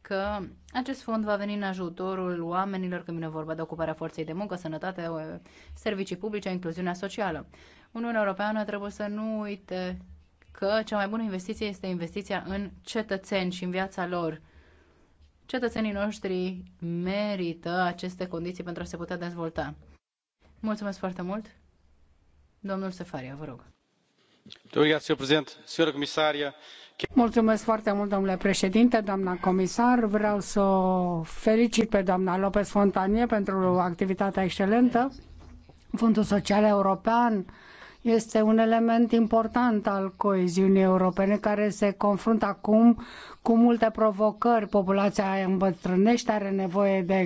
că acest fond va veni în ajutorul oamenilor când vine vorba de ocuparea forței de muncă, sănătate, uh, servicii publice, incluziunea socială. Uniunea Europeană trebuie să nu uite că cea mai bună investiție este investiția în cetățeni și în viața lor. Cetățenii noștri merită aceste condiții pentru a se putea dezvolta. Mulțumesc foarte mult. Domnul Sefaria, vă rog. Mulțumesc foarte mult, domnule președinte, doamna comisar. Vreau să o felicit pe doamna Lopez Fontanie pentru activitatea excelentă. Fondul Social European este un element important al coeziunii europene care se confruntă acum cu multe provocări. Populația îmbătrânește, are nevoie de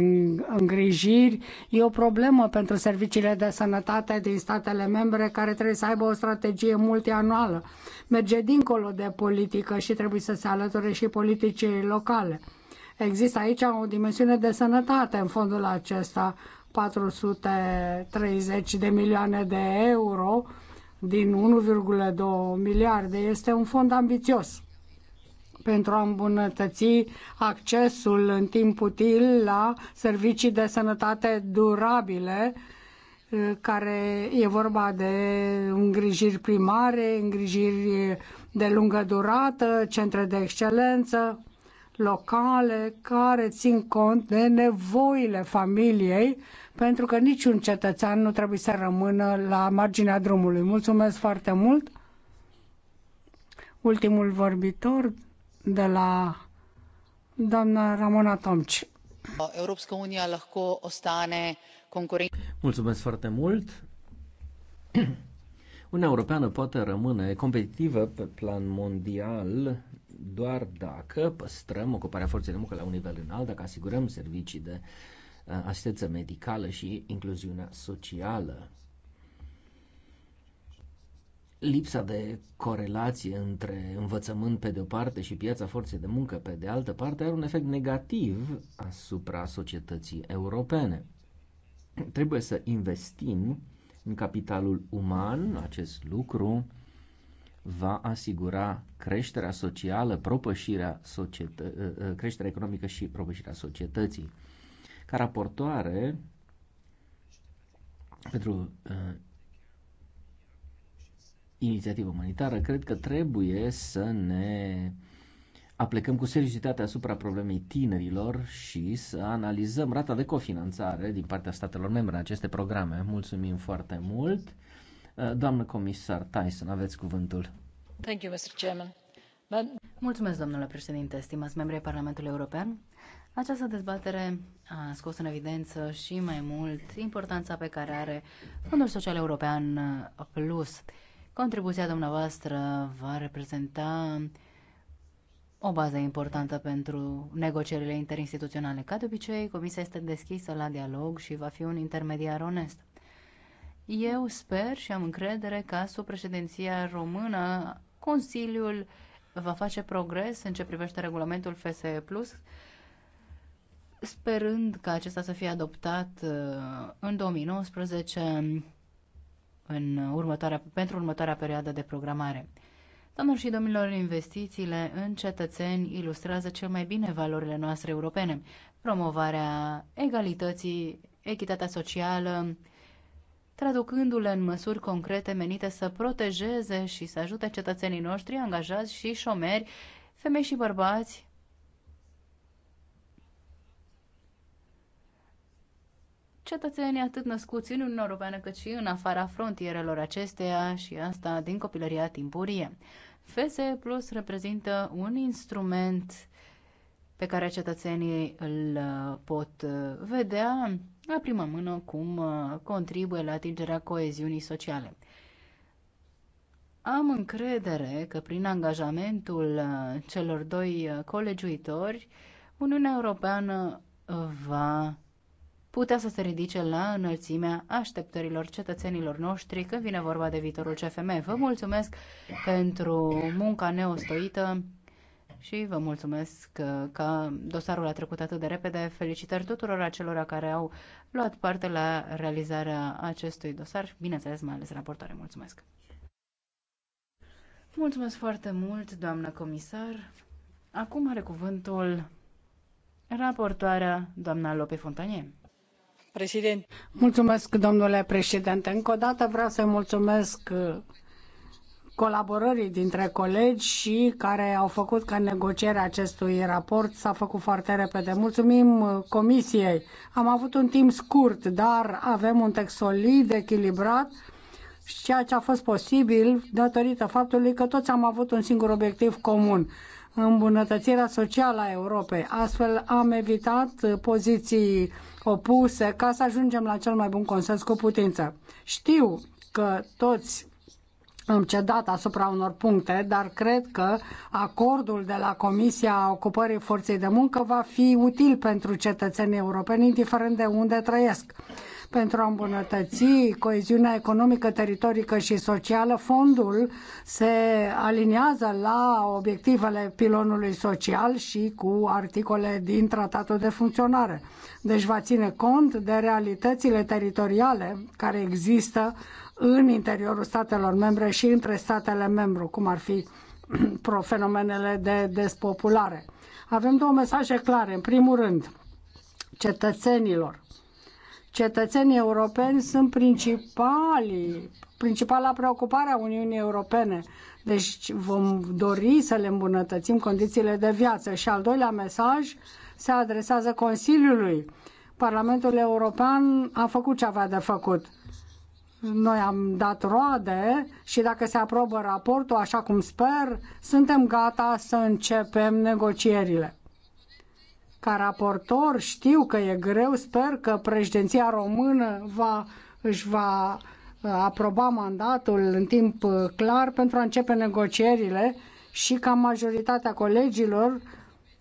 îngrijiri. E o problemă pentru serviciile de sănătate din statele membre care trebuie să aibă o strategie multianuală. Merge dincolo de politică și trebuie să se alăture și politicii locale. Există aici o dimensiune de sănătate în fondul acesta, 430 de milioane de euro din 1,2 miliarde este un fond ambițios pentru a îmbunătăți accesul în timp util la servicii de sănătate durabile, care e vorba de îngrijiri primare, îngrijiri de lungă durată, centre de excelență locale care țin cont de nevoile familiei pentru că niciun cetățean nu trebuie să rămână la marginea drumului. Mulțumesc foarte mult! Ultimul vorbitor de la doamna Ramona Tomci. Europska cu lahko ostane concurent. Mulțumesc foarte mult! [CLEARS THROAT] Uniunea Europeană poate rămâne competitivă pe plan mondial doar dacă păstrăm ocuparea forței de muncă la un nivel înalt, dacă asigurăm servicii de uh, asistență medicală și incluziunea socială. Lipsa de corelație între învățământ pe de-o parte și piața forței de muncă pe de altă parte are un efect negativ asupra societății europene. Trebuie să investim în capitalul uman, acest lucru va asigura creșterea socială, propășirea societă- creșterea economică și propășirea societății. Ca raportoare pentru uh, inițiativă umanitară, cred că trebuie să ne aplecăm cu seriozitate asupra problemei tinerilor și să analizăm rata de cofinanțare din partea statelor membre în aceste programe. Mulțumim foarte mult. Uh, doamnă comisar Tyson, aveți cuvântul. Thank you, Mr. Chairman. Mulțumesc, domnule președinte, stimați membrii Parlamentului European. Această dezbatere a scos în evidență și mai mult importanța pe care are Fondul Social European Plus. Contribuția dumneavoastră va reprezenta o bază importantă pentru negocierile interinstituționale. Ca de obicei, Comisia este deschisă la dialog și va fi un intermediar onest. Eu sper și am încredere că sub președinția română Consiliul va face progres în ce privește regulamentul FSE Plus, sperând ca acesta să fie adoptat uh, în 2019 în următoarea, pentru următoarea perioadă de programare. Domnul și domnilor, investițiile în cetățeni ilustrează cel mai bine valorile noastre europene, promovarea egalității, echitatea socială, traducându-le în măsuri concrete menite să protejeze și să ajute cetățenii noștri, angajați și șomeri, femei și bărbați, cetățenii atât născuți în Uniunea Europeană cât și în afara frontierelor acesteia și asta din copilăria timpurie. FSE Plus reprezintă un instrument pe care cetățenii îl uh, pot uh, vedea la prima mână cum uh, contribuie la atingerea coeziunii sociale. Am încredere că prin angajamentul celor doi colegiuitori, Uniunea Europeană va putea să se ridice la înălțimea așteptărilor cetățenilor noștri când vine vorba de viitorul CFM. Vă mulțumesc pentru munca neostoită și vă mulțumesc că, că dosarul a trecut atât de repede. Felicitări tuturor acelora care au luat parte la realizarea acestui dosar și, bineînțeles, mai ales raportoare. Mulțumesc! Mulțumesc foarte mult, doamnă comisar. Acum are cuvântul raportoarea doamna Lope Fontanie. Președinte. Mulțumesc, domnule președinte. Încă o dată vreau să mulțumesc uh, colaborării dintre colegi și care au făcut ca negocierea acestui raport s-a făcut foarte repede. Mulțumim uh, comisiei. Am avut un timp scurt, dar avem un text solid, echilibrat ceea ce a fost posibil datorită faptului că toți am avut un singur obiectiv comun îmbunătățirea socială a Europei. Astfel am evitat poziții opuse ca să ajungem la cel mai bun consens cu putință. Știu că toți am cedat asupra unor puncte, dar cred că acordul de la Comisia Ocupării Forței de Muncă va fi util pentru cetățenii europeni, indiferent de unde trăiesc pentru a îmbunătăți coeziunea economică, teritorică și socială, fondul se aliniază la obiectivele pilonului social și cu articole din tratatul de funcționare. Deci va ține cont de realitățile teritoriale care există în interiorul statelor membre și între statele membru, cum ar fi [CLEARS THROAT] fenomenele de despopulare. Avem două mesaje clare. În primul rând, cetățenilor Cetățenii europeni sunt principalii, principala preocupare a Uniunii Europene. Deci vom dori să le îmbunătățim condițiile de viață. Și al doilea mesaj se adresează Consiliului. Parlamentul European a făcut ce avea de făcut. Noi am dat roade și dacă se aprobă raportul, așa cum sper, suntem gata să începem negocierile. Ca raportor știu că e greu, sper că președinția română va, își va uh, aproba mandatul în timp uh, clar pentru a începe negocierile și ca majoritatea colegilor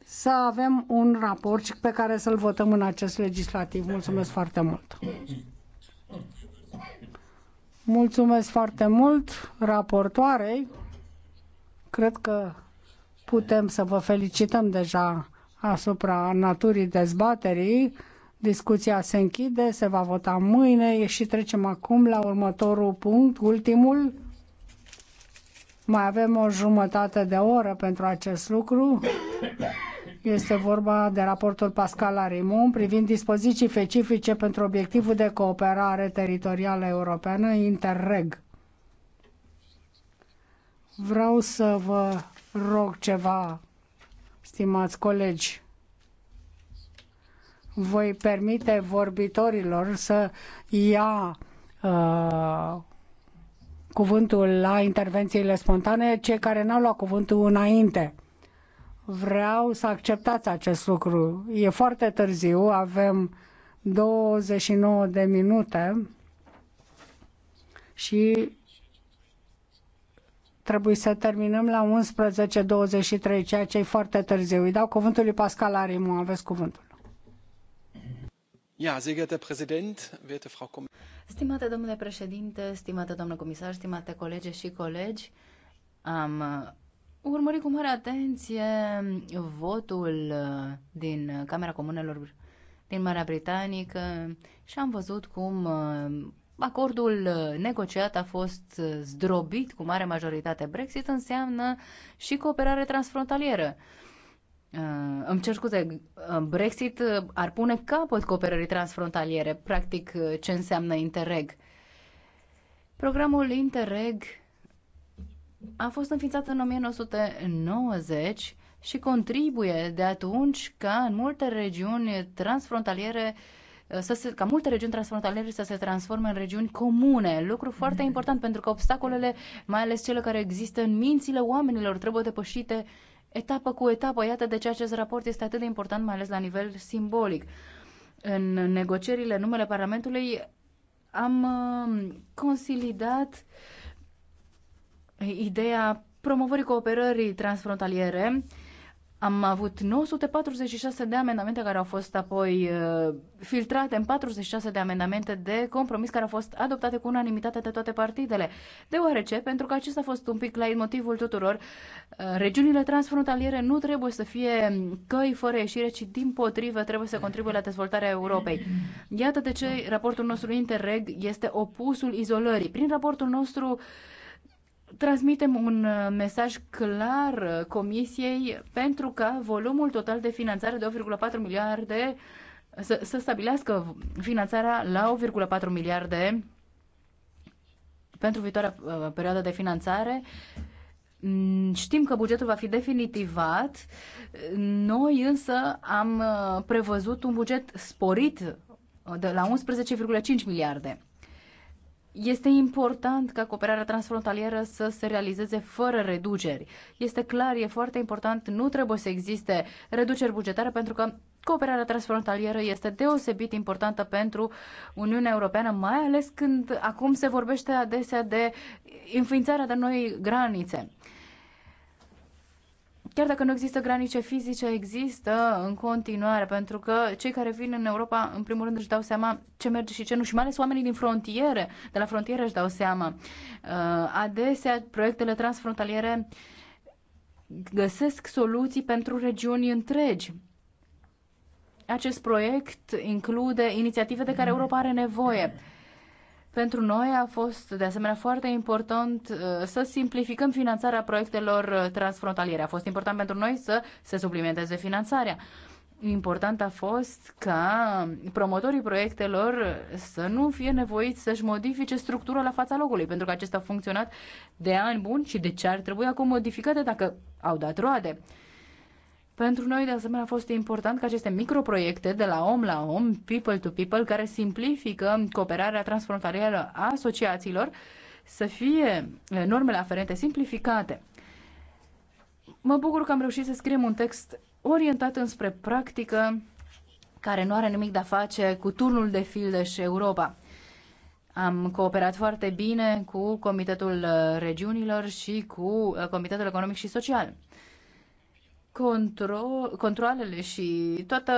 să avem un raport pe care să-l votăm în acest legislativ. Mulțumesc foarte mult! Mulțumesc foarte mult raportoarei. Cred că putem să vă felicităm deja asupra naturii dezbaterii. Discuția se închide, se va vota mâine și trecem acum la următorul punct, ultimul. Mai avem o jumătate de oră pentru acest lucru. Este vorba de raportul Pascal Arimon privind dispoziții specifice pentru obiectivul de cooperare teritorială europeană Interreg. Vreau să vă rog ceva stimați colegi. Voi permite vorbitorilor să ia uh, cuvântul la intervențiile spontane, cei care n-au luat cuvântul înainte. Vreau să acceptați acest lucru. E foarte târziu, avem 29 de minute și Trebuie să terminăm la 11.23, ceea ce e foarte târziu. Îi dau cuvântul lui Pascal Arimu. Aveți cuvântul. Ja, sehr geehrter Präsident, werte Frau Kommissarin. Stimate domnule președinte, stimate domnule comisar, stimate colege și colegi, am uh, urmărit cu mare atenție votul uh, din Camera Comunelor din Marea Britanică și am văzut cum uh, acordul uh, negociat a fost uh, zdrobit cu mare majoritate. Brexit înseamnă și cooperare transfrontalieră. Uh, îmi cer scuze, uh, Brexit ar pune capăt cooperării transfrontaliere, practic ce înseamnă Interreg. Programul Interreg a fost înființat în 1990 și contribuie de atunci ca în multe regiuni transfrontaliere uh, să se, ca multe regiuni transfrontaliere să se transforme în regiuni comune. Lucru foarte important pentru că obstacolele, mai ales cele care există în mințile oamenilor, trebuie depășite etapă cu etapă. Iată de ce acest raport este atât de important, mai ales la nivel simbolic. În negocierile numele Parlamentului am uh, consolidat ideea promovării cooperării transfrontaliere am avut 946 de amendamente care au fost apoi uh, filtrate în 46 de amendamente de compromis care au fost adoptate cu unanimitate de toate partidele. Deoarece, pentru că acesta a fost un pic la motivul tuturor, uh, regiunile transfrontaliere nu trebuie să fie căi fără ieșire, ci din potrivă trebuie să contribuie la dezvoltarea Europei. Iată de ce raportul nostru Interreg este opusul izolării. Prin raportul nostru uh, transmitem un uh, mesaj clar uh, Comisiei pentru ca volumul total de finanțare de 8,4 miliarde să, să stabilească finanțarea la 8,4 miliarde pentru viitoarea uh, perioadă de finanțare. Mm, știm că bugetul va fi definitivat, noi însă am prevăzut un buget sporit de la 11,5 miliarde. Este important ca cooperarea transfrontalieră să se realizeze fără reduceri. Este clar, e foarte important, nu trebuie să existe reduceri bugetare pentru că cooperarea transfrontalieră este deosebit importantă pentru Uniunea Europeană, mai ales când acum se vorbește adesea de înființarea de noi granițe chiar dacă nu există granițe fizice, există în continuare, pentru că cei care vin în Europa, în primul rând, își dau seama ce merge și ce nu, și mai ales oamenii din frontiere, de la frontiere își dau seama. Uh, adesea, proiectele transfrontaliere găsesc soluții pentru regiuni întregi. Acest proiect include inițiative de care Europa are nevoie pentru noi a fost de asemenea foarte important uh, să simplificăm finanțarea proiectelor uh, transfrontaliere. A fost important pentru noi să se suplimenteze finanțarea. Important a fost ca promotorii proiectelor să nu fie nevoiți să-și modifice structura la fața locului, pentru că acesta a funcționat de ani buni și de ce ar trebui acum modificate dacă au dat roade. Pentru noi, de asemenea, a fost important ca aceste microproiecte de la om la om, people to people, care simplifică cooperarea transfrontalieră a asociațiilor, să fie normele aferente simplificate. Mă bucur că am reușit să scriem un text orientat înspre practică care nu are nimic de-a face cu turnul de și Europa. Am cooperat foarte bine cu Comitetul Regiunilor și cu Comitetul Economic și Social contro- controlele și toată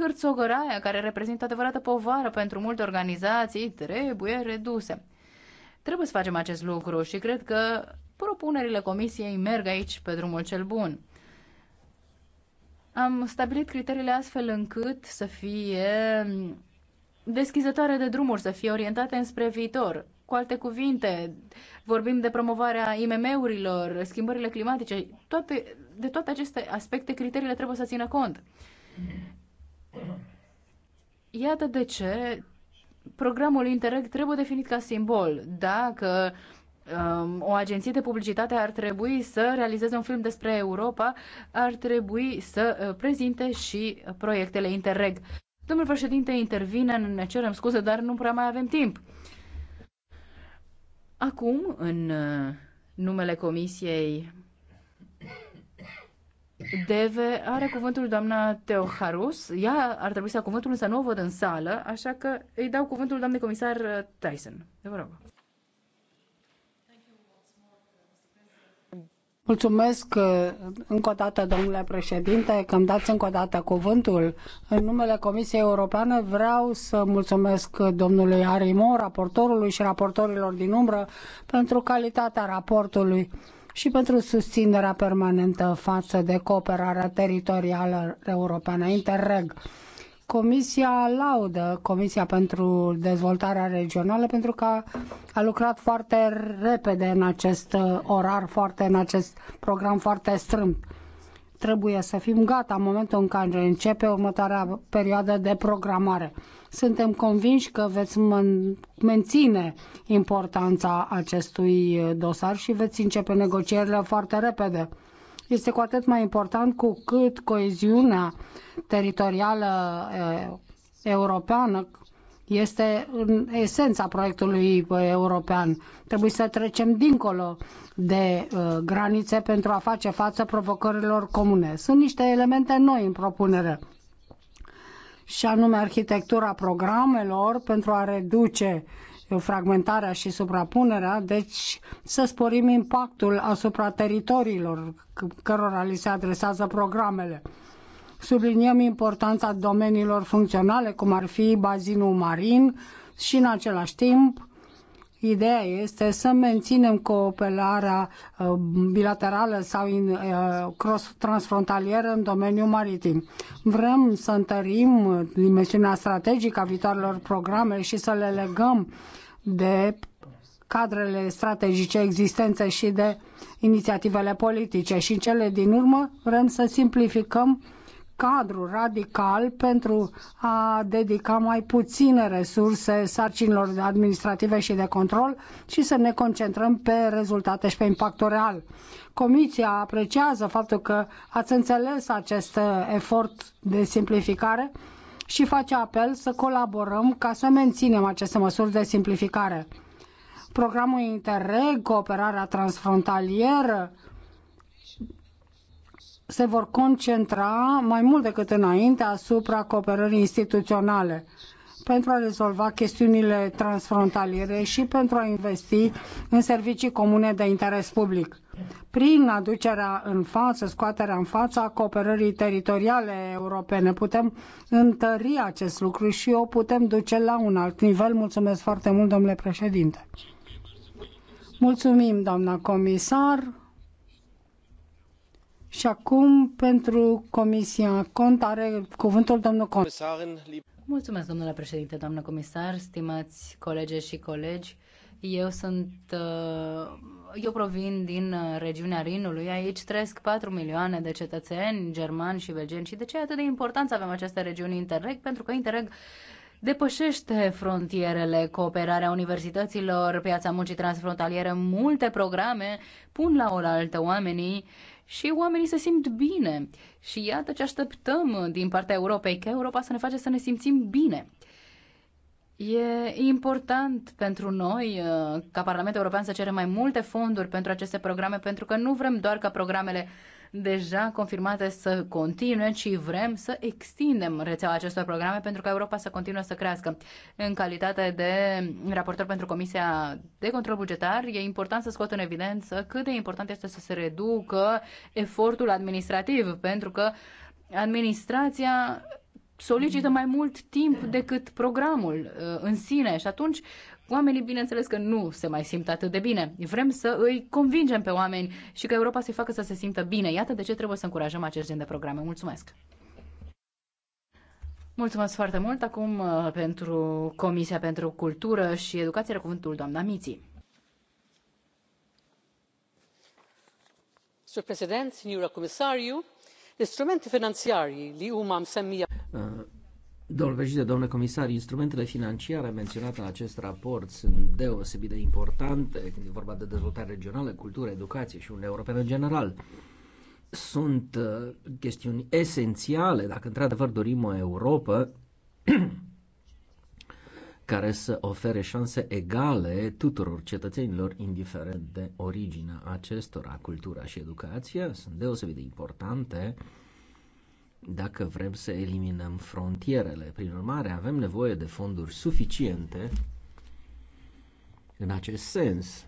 hârțogăraia care reprezintă adevărată povară pentru multe organizații trebuie reduse. Trebuie să facem acest lucru și cred că propunerile comisiei merg aici pe drumul cel bun. Am stabilit criteriile astfel încât să fie deschizătoare de drumuri, să fie orientate înspre viitor. Cu alte cuvinte, vorbim de promovarea IMM-urilor, schimbările climatice, toate de toate aceste aspecte, criteriile trebuie să țină cont. Iată de ce programul Interreg trebuie definit ca simbol. Dacă um, o agenție de publicitate ar trebui să realizeze un film despre Europa, ar trebui să uh, prezinte și proiectele Interreg. Domnul președinte intervine, ne cerem scuze, dar nu prea mai avem timp. Acum, în uh, numele Comisiei Deve are cuvântul doamna Teoharus. Ea ar trebui să ia cuvântul, însă nu o văd în sală, așa că îi dau cuvântul doamnei comisar uh, Tyson. De vă rog. Mulțumesc uh, încă o dată, domnule președinte, că îmi dați încă o dată cuvântul. În numele Comisiei Europene vreau să mulțumesc domnului Arimo, raportorului și raportorilor din umbră, pentru calitatea raportului și pentru susținerea permanentă față de cooperarea teritorială europeană Interreg. Comisia laudă Comisia pentru Dezvoltarea Regională pentru că a lucrat foarte repede în acest orar, foarte, în acest program foarte strâmt trebuie să fim gata în momentul în care începe următoarea perioadă de programare. Suntem convinși că veți menține importanța acestui uh, dosar și veți începe negocierile foarte repede. Este cu atât mai important cu cât coeziunea teritorială uh, europeană este în esența proiectului european. Trebuie să trecem dincolo de ă, granițe pentru a face față provocărilor comune. Sunt niște elemente noi în propunere și anume arhitectura programelor pentru a reduce fragmentarea și suprapunerea, deci să sporim impactul asupra teritoriilor cărora li se adresează programele. Subliniem importanța domeniilor funcționale, cum ar fi bazinul marin și în același timp Ideea este să menținem cooperarea uh, bilaterală sau uh, cross transfrontalieră în domeniul maritim. Vrem să întărim dimensiunea strategică a viitoarelor programe și să le legăm de cadrele strategice existente și de inițiativele politice. Și în cele din urmă vrem să simplificăm cadru radical pentru a dedica mai puține resurse sarcinilor administrative și de control și să ne concentrăm pe rezultate și pe impactul real. Comisia apreciază faptul că ați înțeles acest efort de simplificare și face apel să colaborăm ca să menținem aceste măsuri de simplificare. Programul Interreg, cooperarea transfrontalieră, se vor concentra mai mult decât înainte asupra cooperării instituționale pentru a rezolva chestiunile transfrontaliere și pentru a investi în servicii comune de interes public. Prin aducerea în față, scoaterea în față a cooperării teritoriale europene, putem întări acest lucru și o putem duce la un alt nivel. Mulțumesc foarte mult, domnule președinte. Mulțumim, doamna comisar. Și acum, pentru Comisia Cont, are cuvântul domnul Cont. Mulțumesc, domnule președinte, doamnă comisar, stimați colege și colegi. Eu sunt, uh, eu provin din uh, regiunea Rinului, aici trăiesc 4 milioane de cetățeni germani și belgeni și de ce atât de important să avem aceste regiuni Interreg? Pentru că Interreg depășește frontierele, cooperarea universităților, piața muncii transfrontalieră, multe programe pun la oaltă oamenii și oamenii se simt bine. Și iată ce așteptăm din partea Europei, că Europa să ne face să ne simțim bine. E important pentru noi, uh, ca Parlamentul European, să cerem mai multe fonduri pentru aceste programe, pentru că nu vrem doar ca programele uh, deja confirmate să continue, ci vrem să extindem rețeaua acestor programe pentru ca Europa să continue să crească. În calitate de raportor pentru Comisia de Control Bugetar, e important să scot în evidență cât de important este să se reducă efortul administrativ, pentru că administrația solicită mai mult timp decât programul uh, în sine și atunci Oamenii, bineînțeles că nu se mai simt atât de bine. Vrem să îi convingem pe oameni și că Europa să-i facă să se simtă bine. Iată de ce trebuie să încurajăm acest gen de programe. Mulțumesc! Mulțumesc foarte mult. Acum uh, pentru Comisia pentru Cultură și Educație, cuvântul doamna Miții. Sur President, Comisariu, instrumente financiare, li umam msemmija. Uh Domnul președinte, domnule comisar, instrumentele financiare menționate în acest raport sunt deosebit de importante când e vorba de dezvoltare regională, cultură, educație și Uniunea Europeană în general. Sunt uh, chestiuni esențiale dacă într-adevăr dorim o Europa [CLEARS THROAT] care să ofere șanse egale tuturor cetățenilor, indiferent de originea acestora. Cultura și educația sunt deosebit de importante dacă vrem să eliminăm frontierele. Prin urmare, avem nevoie de fonduri suficiente în acest sens.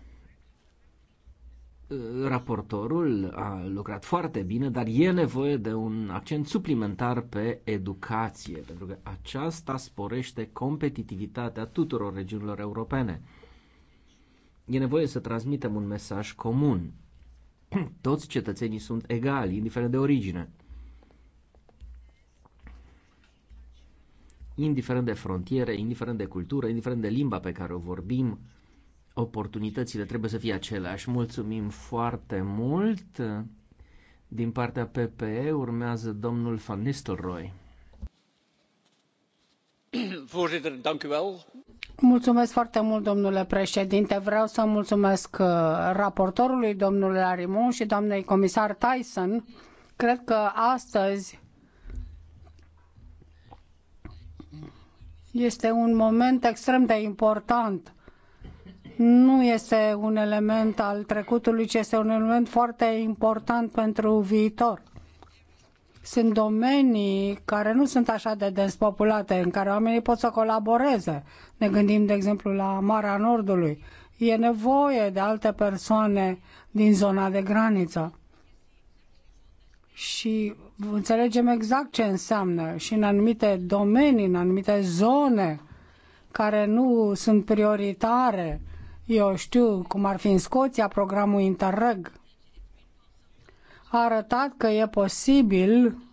Raportorul a lucrat foarte bine, dar e nevoie de un accent suplimentar pe educație, pentru că aceasta sporește competitivitatea tuturor regiunilor europene. E nevoie să transmitem un mesaj comun. [CLEARS THROAT] Toți cetățenii sunt egali, indiferent de origine. indiferent de frontiere, indiferent de cultură, indiferent de limba pe care o vorbim, oportunitățile trebuie să fie aceleași. Mulțumim foarte mult. Din partea PPE urmează domnul Van Nistelrooy. Mulțumesc foarte mult, domnule președinte. Vreau să mulțumesc uh, raportorului, domnule Arimon și doamnei comisar Tyson. Cred că astăzi Este un moment extrem de important. Nu este un element al trecutului, ci este un element foarte important pentru viitor. Sunt domenii care nu sunt așa de despopulate, în care oamenii pot să colaboreze. Ne gândim, de exemplu, la Marea Nordului. E nevoie de alte persoane din zona de graniță și înțelegem exact ce înseamnă și în anumite domenii, în anumite zone care nu sunt prioritare, eu știu cum ar fi în Scoția programul Interreg, a arătat că e posibil